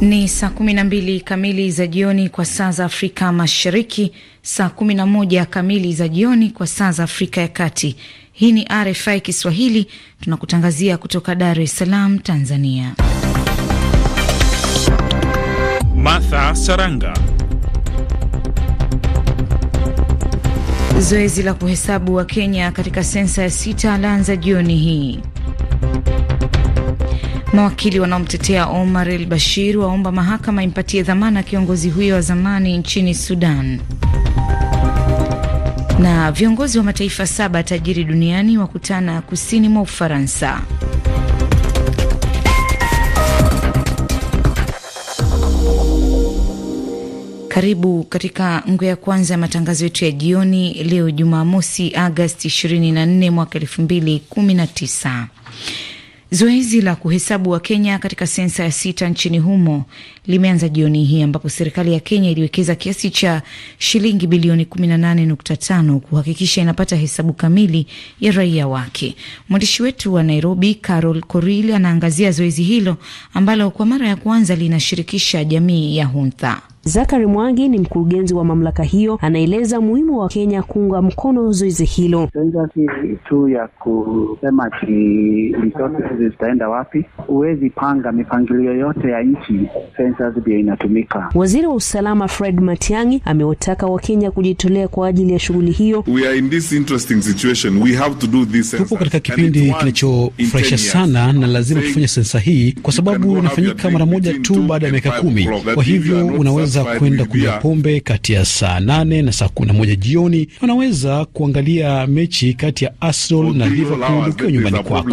Ni saa 12 kamili za jioni kwa saa za Afrika Mashariki, saa 11 kamili za jioni kwa saa za Afrika ya Kati. Hii ni RFI Kiswahili, tunakutangazia kutoka Dar es Salaam, Tanzania. Martha Saranga. Zoezi la kuhesabu wa Kenya katika sensa ya sita laanza jioni hii. Mawakili wanaomtetea Omar El Bashir waomba mahakama impatie dhamana kiongozi huyo wa zamani nchini Sudan. Na viongozi wa mataifa saba tajiri duniani wakutana kusini mwa Ufaransa. Karibu katika ngwe ya kwanza ya matangazo yetu ya jioni leo Jumamosi, Agasti 24 mwaka 2019. Zoezi la kuhesabu Wakenya katika sensa ya sita nchini humo limeanza jioni hii ambapo serikali ya Kenya iliwekeza kiasi cha shilingi bilioni 18.5 kuhakikisha inapata hesabu kamili ya raia wake. Mwandishi wetu wa Nairobi, Carol Koril, anaangazia zoezi hilo ambalo kwa mara ya kwanza linashirikisha jamii ya Huntha. Zakari Mwangi ni mkurugenzi wa mamlaka hiyo, anaeleza muhimu wa Kenya kuunga mkono zoezi hilo. tu ya kusema ati resources zitaenda wapi, huwezi panga mipangilio yote ya nchi, risasi pia inatumika. Waziri wa usalama Fred Matiang'i amewataka Wakenya kujitolea kwa ajili ya shughuli hiyo. Tupo katika kipindi kinachofurahisha sana na lazima tufanye sensa hii kwa sababu inafanyika mara moja tu baada ya miaka kumi. Kwa hivyo unaweza kwenda kunywa pombe kati ya saa nane na saa kumi na moja jioni. Unaweza kuangalia mechi kati ya Arsenal na Liverpool ukiwa nyumbani kwako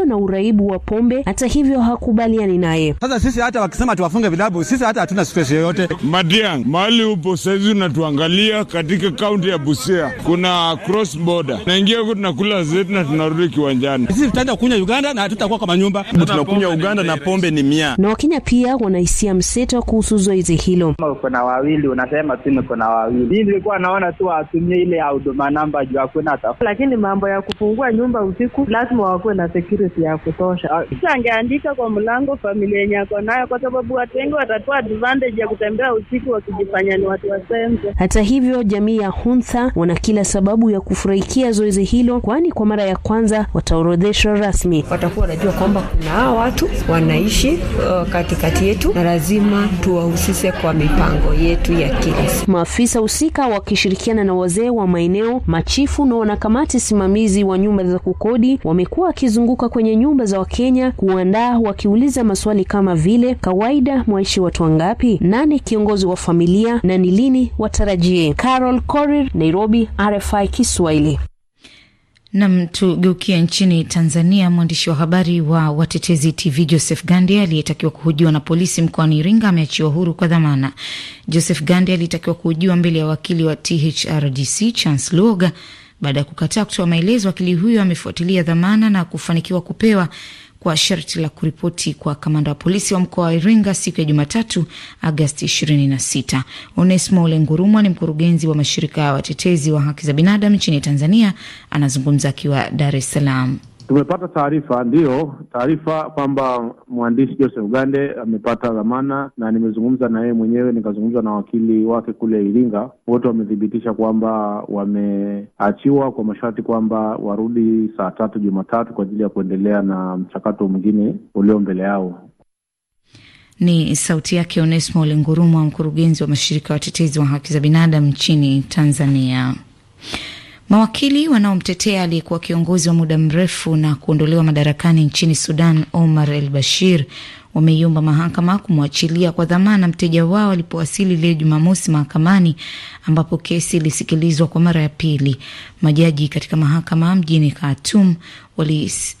vilio na uraibu wa pombe. Hata hivyo hakubaliani naye. Sasa sisi hata wakisema tuwafunge vilabu, sisi hata hatuna stress yoyote. Madiang, mahali upo saizi unatuangalia, katika kaunti ya Busia kuna cross border, naingia huko tunakula zetu na tunarudi kiwanjani. Sisi tutaenda kunywa Uganda na hatutakuwa kwa manyumba, tunakunywa Uganda na pombe ni mia. Na Wakenya pia wanahisia mseto kuhusu zoezi hilo. na wawili unasema tu niko na wawili, mimi nilikuwa naona tu watumie ile huduma namba juu hakuna, lakini mambo ya kufungua nyumba usiku lazima wakuwe na security resources ya kutosha. Ah, sasa angeandika kwa mlango familia yenye ako nayo, kwa sababu watu wengi watatoa advantage ya kutembea usiku wakijifanya ni watu wasenza. Hata hivyo, jamii ya Huntha wana kila sababu ya kufurahikia zoezi hilo, kwani kwa mara ya kwanza wataorodheshwa rasmi. Watakuwa wanajua kwamba kuna hawa watu wanaishi uh, katikati yetu na lazima tuwahusishe kwa mipango yetu ya kila siku. Maafisa husika wakishirikiana na wazee wa maeneo, machifu na wanakamati simamizi wa nyumba za kukodi wamekuwa wakizunguka kwenye nyumba za Wakenya kuandaa wakiuliza maswali kama vile kawaida, mwaishi watu wangapi, nani kiongozi wa familia na ni lini watarajie. Carol Korir, Nairobi, RFI Kiswahili. Nam, tugeukie nchini Tanzania. Mwandishi wa habari wa Watetezi TV Joseph gandi aliyetakiwa kuhojiwa na polisi mkoani Iringa ameachiwa huru kwa dhamana. Joseph gandi alitakiwa kuhojiwa mbele ya wakili wa THRDC Charles Luoga baada ya kukataa kutoa maelezo, wakili huyo amefuatilia dhamana na kufanikiwa kupewa kwa sharti la kuripoti kwa kamanda wa polisi wa mkoa wa Iringa siku ya Jumatatu, Agasti 26. Onesmo Ole Ngurumwa ni mkurugenzi wa mashirika ya watetezi wa haki za binadamu nchini Tanzania, anazungumza akiwa Dar es Salaam. Tumepata taarifa, ndiyo taarifa kwamba mwandishi Joseph Ugande amepata dhamana, na nimezungumza na yeye mwenyewe, nikazungumza na wakili wake kule Iringa. Wote wamethibitisha kwamba wameachiwa kwa masharti kwamba warudi saa tatu Jumatatu kwa ajili ya kuendelea na mchakato mwingine ulio mbele yao. Ni sauti yake Onesmo Olengurumwa, mkurugenzi wa mashirika ya watetezi wa haki za binadamu nchini Tanzania. Mawakili wanaomtetea aliyekuwa kiongozi wa muda mrefu na kuondolewa madarakani nchini Sudan, Omar El Bashir, wameiomba mahakama kumwachilia kwa dhamana mteja wao alipowasili leo Jumamosi mahakamani ambapo kesi ilisikilizwa kwa mara ya pili. Majaji katika mahakama mjini Khartoum walis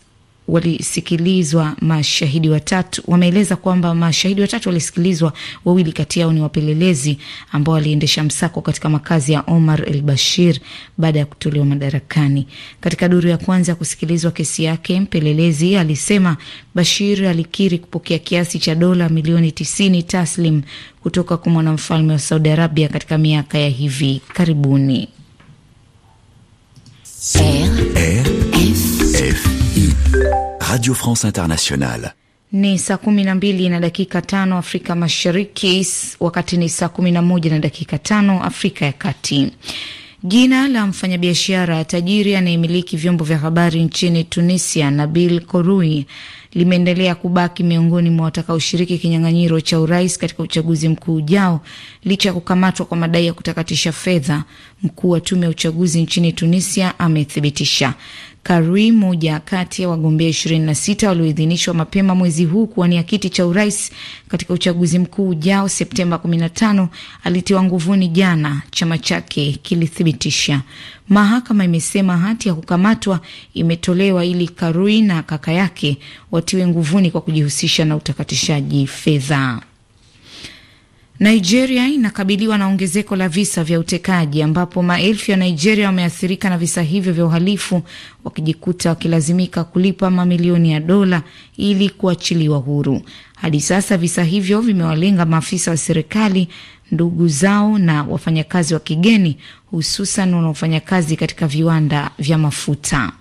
walisikilizwa mashahidi watatu wameeleza kwamba mashahidi watatu walisikilizwa, wawili kati yao ni wapelelezi ambao waliendesha msako katika makazi ya Omar El Bashir baada ya kutolewa madarakani. Katika duru ya kwanza ya kusikilizwa kesi yake, mpelelezi alisema Bashir alikiri kupokea kiasi cha dola milioni tisini taslim kutoka kwa mwanamfalme wa Saudi Arabia katika miaka ya hivi karibuni. F Radio France Internationale. Ni saa kumi na mbili na dakika tano Afrika Mashariki, wakati ni saa kumi na moja na dakika tano Afrika ya Kati. Jina la mfanyabiashara tajiri anayemiliki vyombo vya habari nchini Tunisia, Nabil Korui, limeendelea kubaki miongoni mwa watakaoshiriki kinyang'anyiro cha urais katika uchaguzi mkuu ujao licha ya kukamatwa kwa madai ya kutakatisha fedha. Mkuu wa tume ya uchaguzi nchini Tunisia amethibitisha Karui, moja kati ya wagombea 26 walioidhinishwa mapema mwezi huu kuwania kiti cha urais katika uchaguzi mkuu ujao Septemba 15, alitiwa nguvuni jana, chama chake kilithibitisha. Mahakama imesema hati ya kukamatwa imetolewa ili Karui na kaka yake watiwe nguvuni kwa kujihusisha na utakatishaji fedha. Nigeria inakabiliwa na ongezeko la visa vya utekaji ambapo maelfu ya Nigeria wameathirika na visa hivyo vya uhalifu wakijikuta wakilazimika kulipa mamilioni ya dola ili kuachiliwa huru. Hadi sasa visa hivyo vimewalenga maafisa wa serikali, ndugu zao na wafanyakazi wa kigeni, hususan wanaofanya kazi katika viwanda vya mafuta.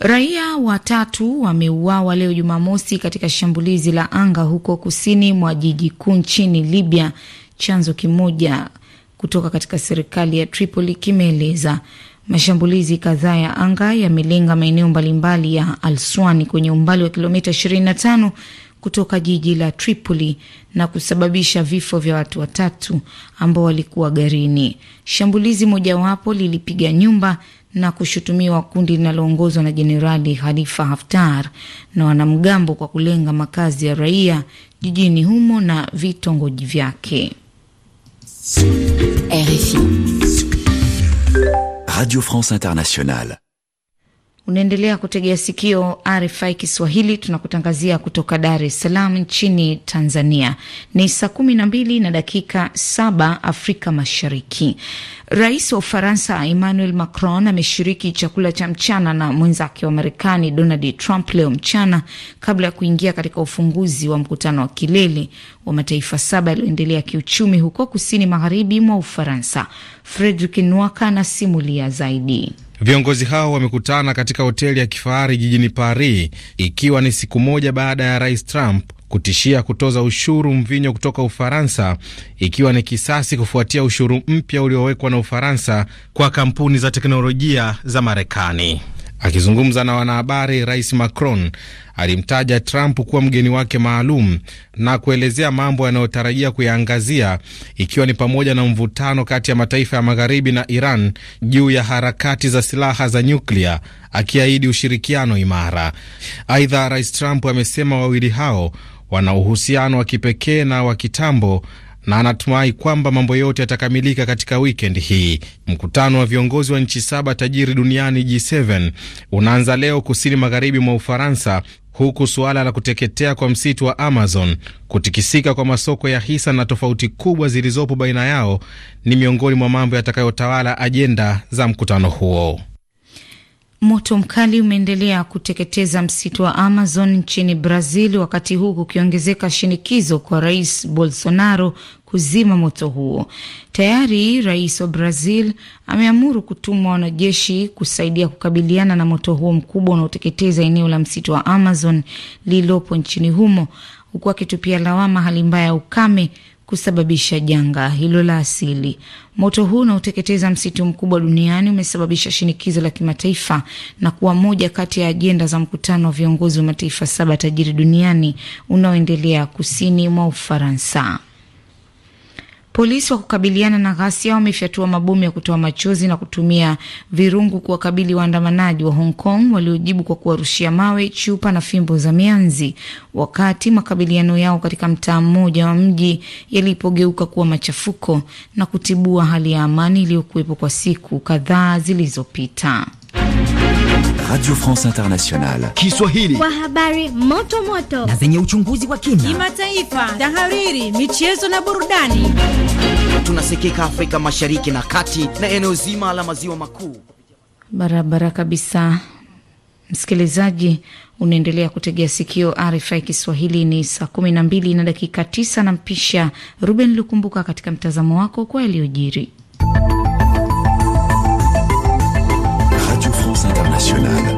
Raia watatu wameuawa leo Jumamosi katika shambulizi la anga huko kusini mwa jiji kuu nchini Libya, chanzo kimoja kutoka katika serikali ya Tripoli kimeeleza. Mashambulizi kadhaa ya anga yamelenga maeneo mbalimbali ya Alswani kwenye umbali wa kilomita 25 kutoka jiji la Tripoli na kusababisha vifo vya watu watatu ambao walikuwa garini. Shambulizi mojawapo lilipiga nyumba na kushutumiwa kundi linaloongozwa na Jenerali Khalifa Haftar na wanamgambo kwa kulenga makazi ya raia jijini humo na vitongoji vyake. RFI Radio France Internationale. Unaendelea kutegea sikio RFI Kiswahili, tunakutangazia kutoka Dar es Salaam nchini Tanzania. Ni saa kumi na mbili na dakika saba Afrika Mashariki. Rais wa Ufaransa Emmanuel Macron ameshiriki chakula cha mchana na mwenzake wa Marekani Donald Trump leo mchana kabla ya kuingia katika ufunguzi wa mkutano wa kilele wa mataifa saba yaliyoendelea kiuchumi huko kusini magharibi mwa Ufaransa. fredrick Nwaka anasimulia zaidi. Viongozi hao wamekutana katika hoteli ya kifahari jijini Paris, ikiwa ni siku moja baada ya rais Trump kutishia kutoza ushuru mvinyo kutoka Ufaransa, ikiwa ni kisasi kufuatia ushuru mpya uliowekwa na Ufaransa kwa kampuni za teknolojia za Marekani. Akizungumza na wanahabari, Rais Macron alimtaja Trump kuwa mgeni wake maalum na kuelezea mambo yanayotarajia kuyaangazia ikiwa ni pamoja na mvutano kati ya mataifa ya magharibi na Iran juu ya harakati za silaha za nyuklia, akiahidi ushirikiano imara. Aidha, Rais Trump amesema wawili hao wana uhusiano wa kipekee na wa kitambo na anatumai kwamba mambo yote yatakamilika katika wikendi hii. Mkutano wa viongozi wa nchi saba tajiri duniani G7 unaanza leo kusini magharibi mwa Ufaransa, huku suala la kuteketea kwa msitu wa Amazon, kutikisika kwa masoko ya hisa na tofauti kubwa zilizopo baina yao ni miongoni mwa mambo yatakayotawala ajenda za mkutano huo. Moto mkali umeendelea kuteketeza msitu wa Amazon nchini Brazil, wakati huu kukiongezeka shinikizo kwa Rais Bolsonaro kuzima moto huo. Tayari rais wa Brazil ameamuru kutumwa wanajeshi kusaidia kukabiliana na moto huo mkubwa unaoteketeza eneo la msitu wa Amazon lililopo nchini humo, huku akitupia lawama hali mbaya ya ukame kusababisha janga hilo la asili. Moto huu unaoteketeza msitu mkubwa duniani umesababisha shinikizo la kimataifa na kuwa moja kati ya ajenda za mkutano wa viongozi wa mataifa saba tajiri duniani unaoendelea kusini mwa Ufaransa. Polisi wa kukabiliana na ghasia wamefyatua mabomu ya kutoa machozi na kutumia virungu kuwakabili waandamanaji wa Hong Kong waliojibu kwa kuwarushia mawe, chupa na fimbo za mianzi, wakati makabiliano yao katika mtaa mmoja wa mji yalipogeuka kuwa machafuko na kutibua hali ya amani iliyokuwepo kwa siku kadhaa zilizopita. Radio France Internationale Kiswahili kwa habari moto moto na zenye uchunguzi wa kina, kimataifa, tahariri, michezo na burudani. Tunasikika Afrika Mashariki na Kati na eneo zima la maziwa makuu. Barabara kabisa, msikilizaji, unaendelea kutegea sikio RFI Kiswahili. Ni saa 12 na dakika 9, na mpisha Ruben Lukumbuka katika mtazamo wako kwa yaliyojiri. international.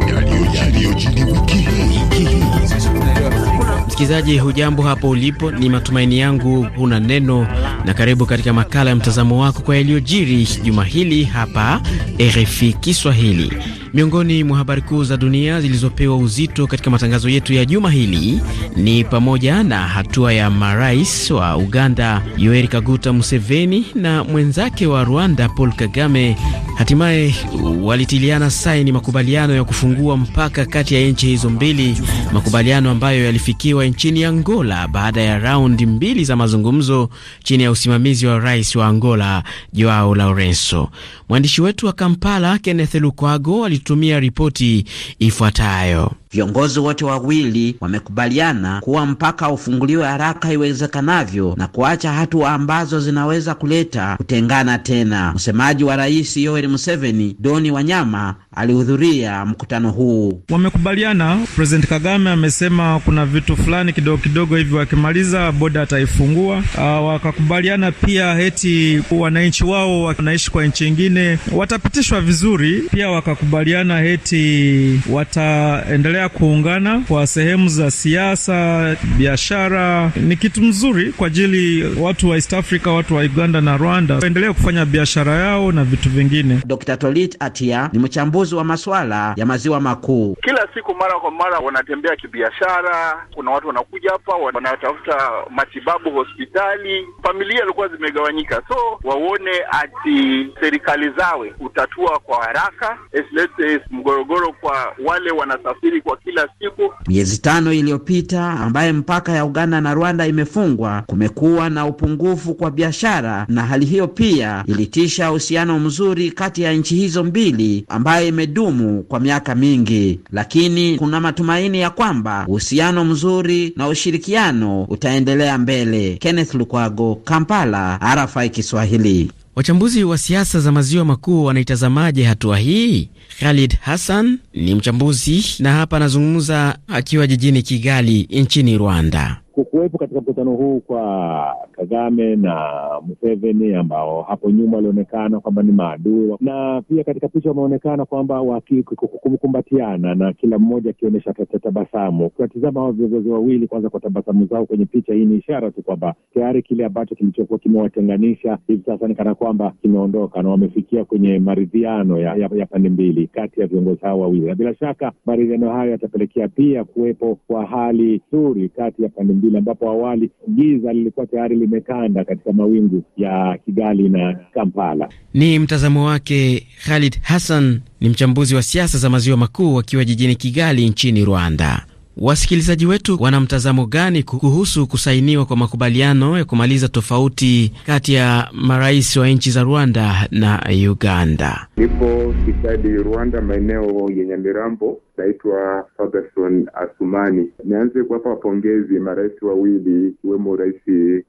Msikilizaji, hujambo hapo ulipo? Ni matumaini yangu huna neno, na karibu katika makala ya mtazamo wako kwa yaliyojiri juma hili hapa RFI Kiswahili. Miongoni mwa habari kuu za dunia zilizopewa uzito katika matangazo yetu ya juma hili ni pamoja na hatua ya marais wa Uganda Yoweri Kaguta Museveni na mwenzake wa Rwanda Paul Kagame hatimaye walitiliana saini makubaliano ya kufungua mpaka kati ya nchi hizo mbili, makubaliano ambayo yalifikiwa nchini Angola baada ya raundi mbili za mazungumzo chini ya usimamizi wa rais wa Angola Joao Lourenco. Mwandishi wetu wa Kampala Kenneth Lukwago kuitumia ripoti ifuatayo. Viongozi wote wawili wamekubaliana kuwa mpaka ufunguliwe haraka iwezekanavyo na kuacha hatua ambazo zinaweza kuleta kutengana tena. Msemaji wa Rais Yoweri Museveni, Doni Wanyama, alihudhuria mkutano huu. Wamekubaliana, President Kagame amesema kuna vitu fulani kidogo kidogo hivi, wakimaliza boda ataifungua. Ah, wakakubaliana pia heti wananchi wao wanaishi kwa nchi ingine watapitishwa vizuri. Pia wakakubaliana heti wataendelea kuendelea kuungana kwa sehemu za siasa, biashara ni kitu mzuri kwa ajili watu wa East Africa, watu wa Uganda na Rwanda waendelee kufanya biashara yao na vitu vingine. Dr. Tolit Atia ni mchambuzi wa masuala ya maziwa makuu. Kila siku mara kwa mara wanatembea kibiashara, kuna watu wanakuja hapa wanatafuta matibabu hospitali, familia ilikuwa zimegawanyika, so waone ati serikali zawe utatua kwa haraka esilete mgorogoro kwa wale wanasafiri kwa kwa kila siku. Miezi tano iliyopita ambaye mpaka ya Uganda na Rwanda imefungwa, kumekuwa na upungufu kwa biashara, na hali hiyo pia ilitisha uhusiano mzuri kati ya nchi hizo mbili ambayo imedumu kwa miaka mingi, lakini kuna matumaini ya kwamba uhusiano mzuri na ushirikiano utaendelea mbele. Kenneth Lukwago, Kampala, RFI Kiswahili. Wachambuzi wa siasa za maziwa makuu wanaitazamaje hatua hii? Khalid Hassan ni mchambuzi na hapa anazungumza akiwa jijini Kigali nchini Rwanda kukuwepo katika mkutano huu kwa Kagame na Museveni ambao hapo nyuma walionekana kwamba ni maadui, na pia katika picha wameonekana kwamba wakikumbatiana na kila mmoja akionyesha tabasamu. Ukiwatizama hawa viongozi wawili kwanza, kwa tabasamu zao kwenye picha hii, ni ishara tu kwamba tayari kile ambacho kilichokuwa kimewatenganisha hivi sasa ni kana kwamba kimeondoka na wamefikia kwenye maridhiano ya, ya, ya pande mbili kati ya viongozi hao wawili, na bila shaka maridhiano hayo yatapelekea pia kuwepo kwa hali nzuri kati ya pande mbili ambapo awali giza lilikuwa tayari limetanda katika mawingu ya Kigali na Kampala. Ni mtazamo wake Khalid Hassan, ni mchambuzi wa siasa za maziwa makuu akiwa jijini Kigali nchini Rwanda. Wasikilizaji wetu wana mtazamo gani kuhusu kusainiwa kwa makubaliano ya kumaliza tofauti kati ya marais wa nchi za Rwanda na Uganda? Nipo Kisadi, Rwanda, maeneo yenye mirambo naitwa Faberson Asumani. Nianze kuwapa wapongezi marais wawili ikiwemo Rais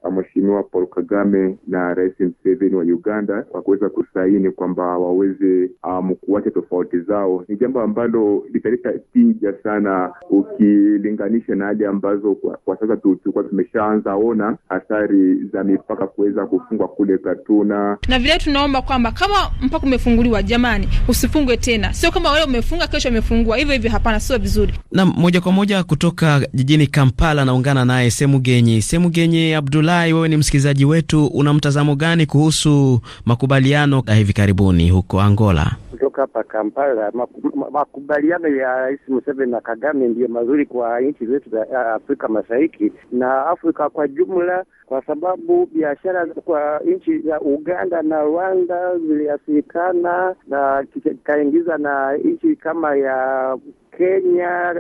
ah, Mheshimiwa Paul Kagame na Rais Museveni wa Uganda kwa kuweza kusaini kwamba waweze um, ah, kuwacha tofauti zao. Ni jambo ambalo litaleta tija sana ukilinganisha na hali ambazo kwa, kwa sasa tulikuwa tumeshaanza ona athari za mipaka kuweza kufungwa kule Katuna, na vile tunaomba kwamba kama mpaka umefunguliwa, jamani, usifungwe tena, sio kama wewe umefunga kesho imefungua hivyo hivyo hapana, sio vizuri. Na moja kwa moja kutoka jijini Kampala naungana naye Semu Genye Abdulahi, wewe ni msikilizaji wetu, una mtazamo gani kuhusu makubaliano ya hivi karibuni huko Angola? Kutoka hapa Kampala, makubaliano ya Rais Museveni na Kagame ndiyo mazuri kwa nchi zetu za Afrika Mashariki na Afrika kwa jumla kwa sababu biashara kwa nchi za Uganda na Rwanda ziliathirikana na kikaingiza na nchi kama ya Kenya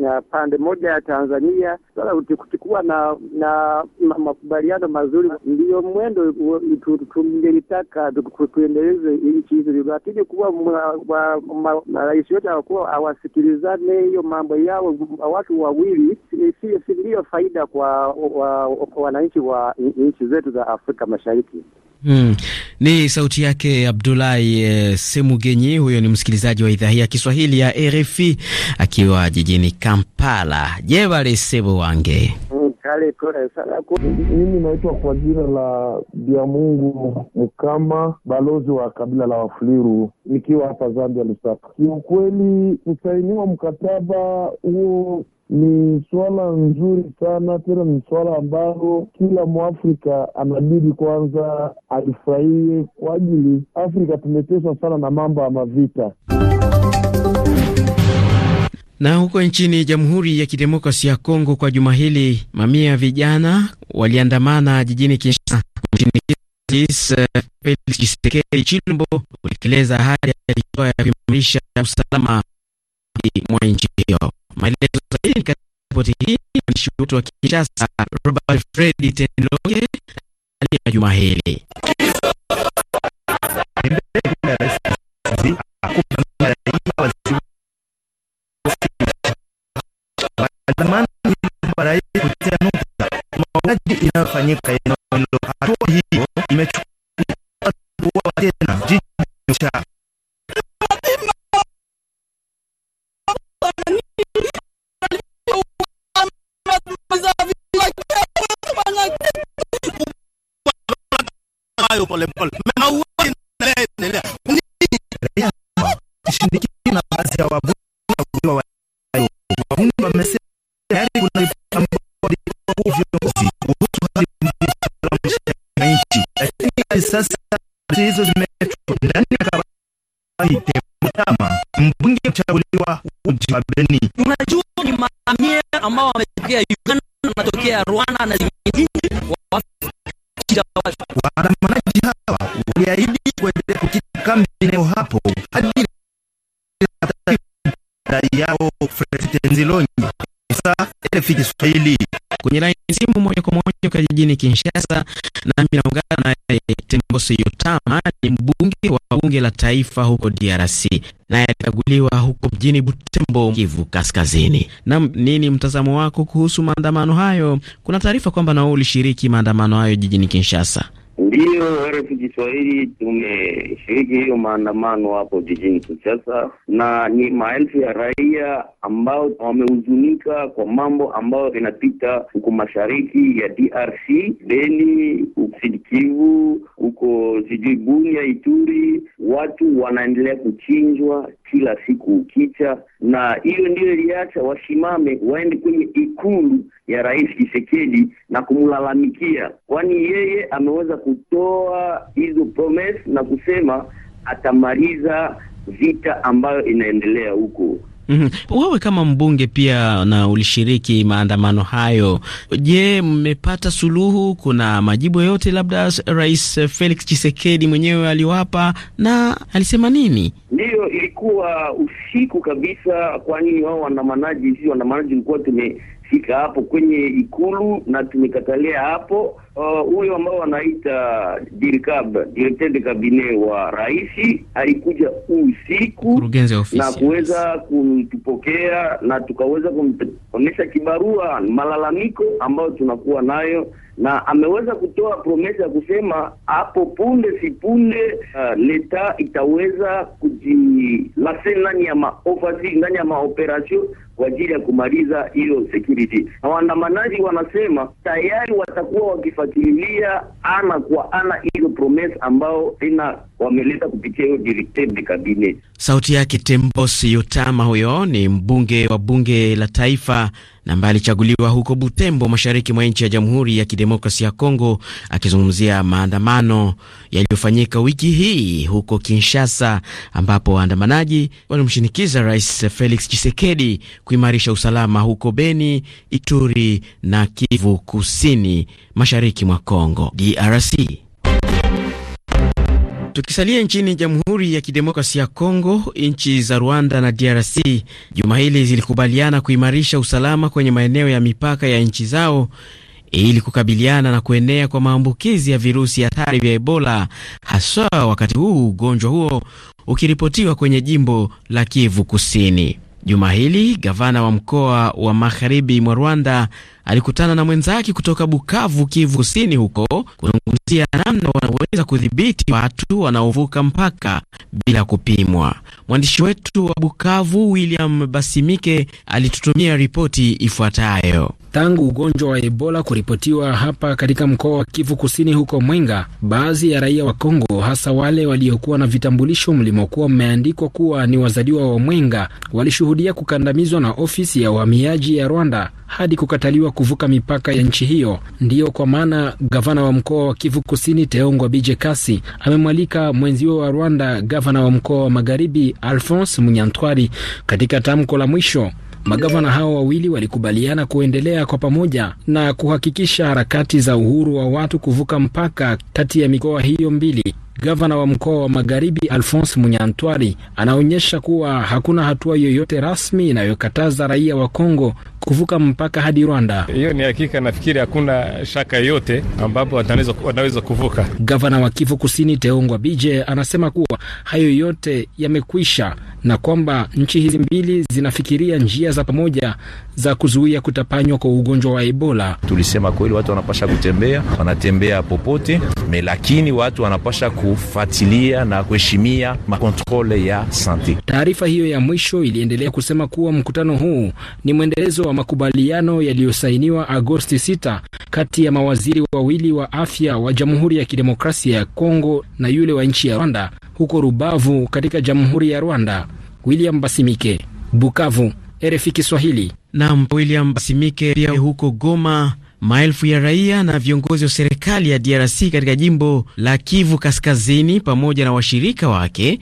na pande moja ya Tanzania. Sasa kutikuwa na na makubaliano mazuri ndiyo mwendo tungelitaka tuendeleze nchi hizi, lakini kuwa marais yote hawakuwa hawasikilizane hiyo mambo yao watu wawili, si ndiyo faida kwa wananchi wa nchi zetu za Afrika Mashariki. Hmm. Ni sauti yake Abdulahi eh, Semugenyi, huyo ni msikilizaji wa idhaa hii ya Kiswahili ya RFI akiwa jijini Kampala. Jebale Sebo wange mimi naitwa kwa jina la Biamungu Mkama, balozi wa kabila la Wafuliru, nikiwa hapa Zambia, Lusaka. Kiukweli kusainiwa mkataba huo ni suala nzuri sana, tena ni suala ambalo kila mwafrika anabidi kwanza alifurahie, kwa ajili Afrika tumeteswa sana na mambo ya mavita na huko nchini Jamhuri ya Kidemokrasia ya Kongo kwa juma hili, mamia ya vijana waliandamana jijini Kinshasa kumshinikiza eh, kutekeleza ahadi ya kuimarisha usalama mwa nchi hiyo. Maelezo zaidi katika ripoti hii mwandishi wetu wa Kinshasa, Robert Fredi Tenloge aliya juma hili mauaji inayofanyika eneo hilo. Hatua hiyo imechukuliwa tena jiji cha polepole, mauaji yanaendelea. Raia kushindikana mbunge mchaguliwa uji wa Beni. Unajua ni maamia ambao wametokea Uganda, wanatokea Rwanda na zingine waandamana uliahidi kuendelea kukita kambi eneo hapo hadi yao Fred Tenzilonye. Sasa RFI Kiswahili kwenye laini simu moja kwa moja kutoka jijini Kinshasa, nami naungana naye Tembose Yotama, ni mbunge wa bunge la taifa huko DRC, naye alichaguliwa huko mjini Butembo, Kivu Kaskazini. Na nini mtazamo wako kuhusu maandamano hayo? Kuna taarifa kwamba nao ulishiriki maandamano hayo jijini Kinshasa. Ndiyo, RF Kiswahili tumeshiriki hiyo maandamano hapo jijini Kinshasa, na ni maelfu ya raia ambao wamehuzunika kwa mambo ambayo inapita huko mashariki ya DRC, Beni, Sud-Kivu, huko sijui Bunia, Ituri, watu wanaendelea kuchinjwa kila siku ukicha, na hiyo ndiyo iliacha wasimame waende kwenye ikulu ya Rais Kisekedi na kumlalamikia, kwani yeye ameweza kutoa hizo promise na kusema atamaliza vita ambayo inaendelea huko. Mm -hmm. Wewe kama mbunge pia na ulishiriki maandamano hayo, je, mmepata suluhu? Kuna majibu yoyote labda Rais Felix Tshisekedi mwenyewe aliwapa na alisema nini? Ndiyo, ilikuwa usiku kabisa, kwani wao waandamanaji, sisi waandamanaji tulikuwa tume fika hapo kwenye ikulu na tumekatalia hapo uh, huyo uh, ambao anaita dirkab directeur de cabinet wa rais alikuja usiku na kuweza kutupokea na tukaweza kumonyesha kibarua malalamiko ambayo tunakuwa nayo na ameweza kutoa promesa ya kusema hapo punde si punde, uh, leta itaweza kujilase ndani ya maofasi ndani ya maoperation kwa ajili ya kumaliza hiyo security. Na waandamanaji wanasema tayari watakuwa wakifuatilia ana kwa ana promesa ambao tena wameleta kupitia hiyo directive de cabinet. Sauti yake Tembos Yotama, huyo ni mbunge wa bunge la taifa na ambaye alichaguliwa huko Butembo, mashariki mwa nchi ya Jamhuri ya Kidemokrasia ya Kongo, akizungumzia maandamano yaliyofanyika wiki hii huko Kinshasa, ambapo waandamanaji walimshinikiza Rais Felix Tshisekedi kuimarisha usalama huko Beni, Ituri na Kivu Kusini, mashariki mwa Kongo DRC. Tukisalia nchini Jamhuri ya kidemokrasi ya Kongo, nchi za Rwanda na DRC juma hili zilikubaliana kuimarisha usalama kwenye maeneo ya mipaka ya nchi zao ili kukabiliana na kuenea kwa maambukizi ya virusi hatari vya Ebola, haswa wakati huu ugonjwa huo ukiripotiwa kwenye jimbo la Kivu Kusini. Juma hili gavana wa mkoa wa magharibi mwa Rwanda alikutana na mwenzake kutoka Bukavu, Kivu Kusini, huko kuzungumzia namna wanaweza kudhibiti watu wanaovuka mpaka bila kupimwa. Mwandishi wetu wa Bukavu, William Basimike, alitutumia ripoti ifuatayo. Tangu ugonjwa wa Ebola kuripotiwa hapa katika mkoa wa Kivu Kusini, huko Mwenga, baadhi ya raia wa Kongo, hasa wale waliokuwa na vitambulisho mlimokuwa mmeandikwa kuwa ni wazaliwa wa Mwenga, walishuhudia kukandamizwa na ofisi ya uhamiaji ya Rwanda hadi kukataliwa kuvuka mipaka ya nchi hiyo. Ndiyo kwa maana gavana wa mkoa wa Kivu Kusini Teongwa Bije Kasi amemwalika mwenziwe wa Rwanda, gavana wa mkoa wa Magharibi Alphonse Munyantwari. Katika tamko la mwisho Magavana hao wawili walikubaliana kuendelea kwa pamoja na kuhakikisha harakati za uhuru wa watu kuvuka mpaka kati ya mikoa hiyo mbili. Gavana wa mkoa wa Magharibi Alphonse Munyantwari anaonyesha kuwa hakuna hatua yoyote rasmi inayokataza raia wa Kongo kuvuka mpaka hadi Rwanda. Hiyo ni hakika, nafikiri hakuna shaka yote ambapo wanaweza kuvuka. Gavana wa Kivu Kusini Teongwa Bije anasema kuwa hayo yote yamekwisha na kwamba nchi hizi mbili zinafikiria njia za pamoja za kuzuia kutapanywa kwa ugonjwa wa Ebola. Tulisema kweli watu wanapasha kutembea, wanatembea popote me, lakini watu wanapasha kufuatilia na kuheshimia makontrole ya sante. Taarifa hiyo ya mwisho iliendelea kusema kuwa mkutano huu ni mwendelezo wa makubaliano yaliyosainiwa Agosti 6 kati ya mawaziri wawili wa afya wa Jamhuri ya Kidemokrasia ya Kongo na yule wa nchi ya Rwanda huko Rubavu katika Jamhuri ya Rwanda. William Basimike, Bukavu, RFI Kiswahili. Naam, William Basimike. Pia huko Goma, maelfu ya raia na viongozi wa serikali ya DRC katika jimbo la Kivu Kaskazini pamoja na washirika wake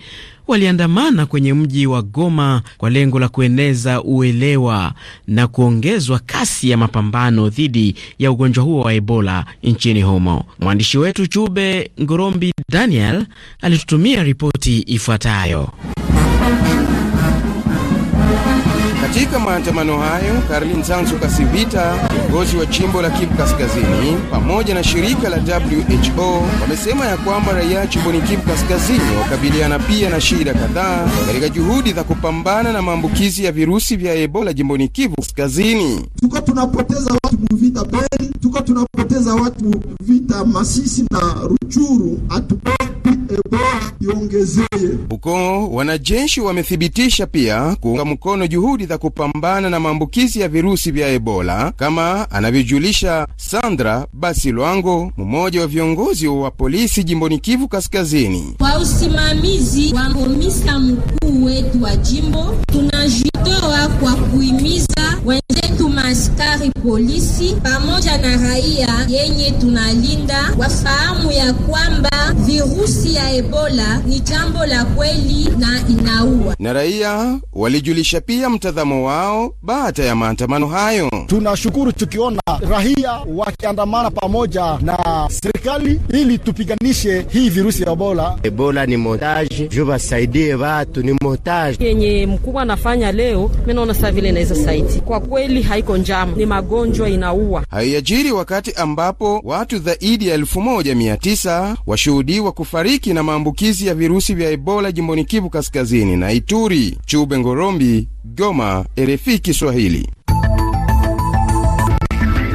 waliandamana kwenye mji wa Goma kwa lengo la kueneza uelewa na kuongezwa kasi ya mapambano dhidi ya ugonjwa huo wa Ebola nchini humo. Mwandishi wetu Chube Ngorombi Daniel alitutumia ripoti ifuatayo. Katika maandamano hayo, Karlin Sansu Kasivita, kiongozi wa jimbo la Kivu Kaskazini, pamoja na shirika la WHO wamesema ya kwamba raia jimboni Kivu Kaskazini wakabiliana pia na shida kadhaa katika juhudi za kupambana na maambukizi ya virusi vya Ebola jimboni Kivu Kaskazini. Tuko tunapoteza watu muvita Beni, tuko tunapoteza watu vita Masisi na Ruchuru, hatuponi huko wanajeshi wamethibitisha pia kuunga mkono juhudi za kupambana na maambukizi ya virusi vya Ebola, kama anavyojulisha Sandra Basi Lwango, mmoja wa viongozi wa polisi jimboni Kivu Kaskazini. Kwa usimamizi wa komisa mkuu wetu wa jimbo tunajitoa kwa kuimiza askari polisi pamoja na raia yenye tunalinda wafahamu ya kwamba virusi ya Ebola ni jambo la kweli na inaua. Na raia walijulisha pia mtazamo wao baada ya maandamano hayo. Tunashukuru tukiona raia wakiandamana pamoja na serikali ili tupiganishe hii virusi ya Ebola. Ebola ni montage, ju basaidie watu, ni montage yenye mkubwa anafanya leo. Mimi naona saa vile inaweza saidi kwa kweli haiko njama, ni magonjwa inaua. Haiajiri wakati ambapo watu zaidi ya elfu moja mia tisa washuhudiwa kufariki na maambukizi ya virusi vya Ebola jimboni Kivu Kaskazini na Ituri. Chube Ngorombi, Goma, RFI Kiswahili.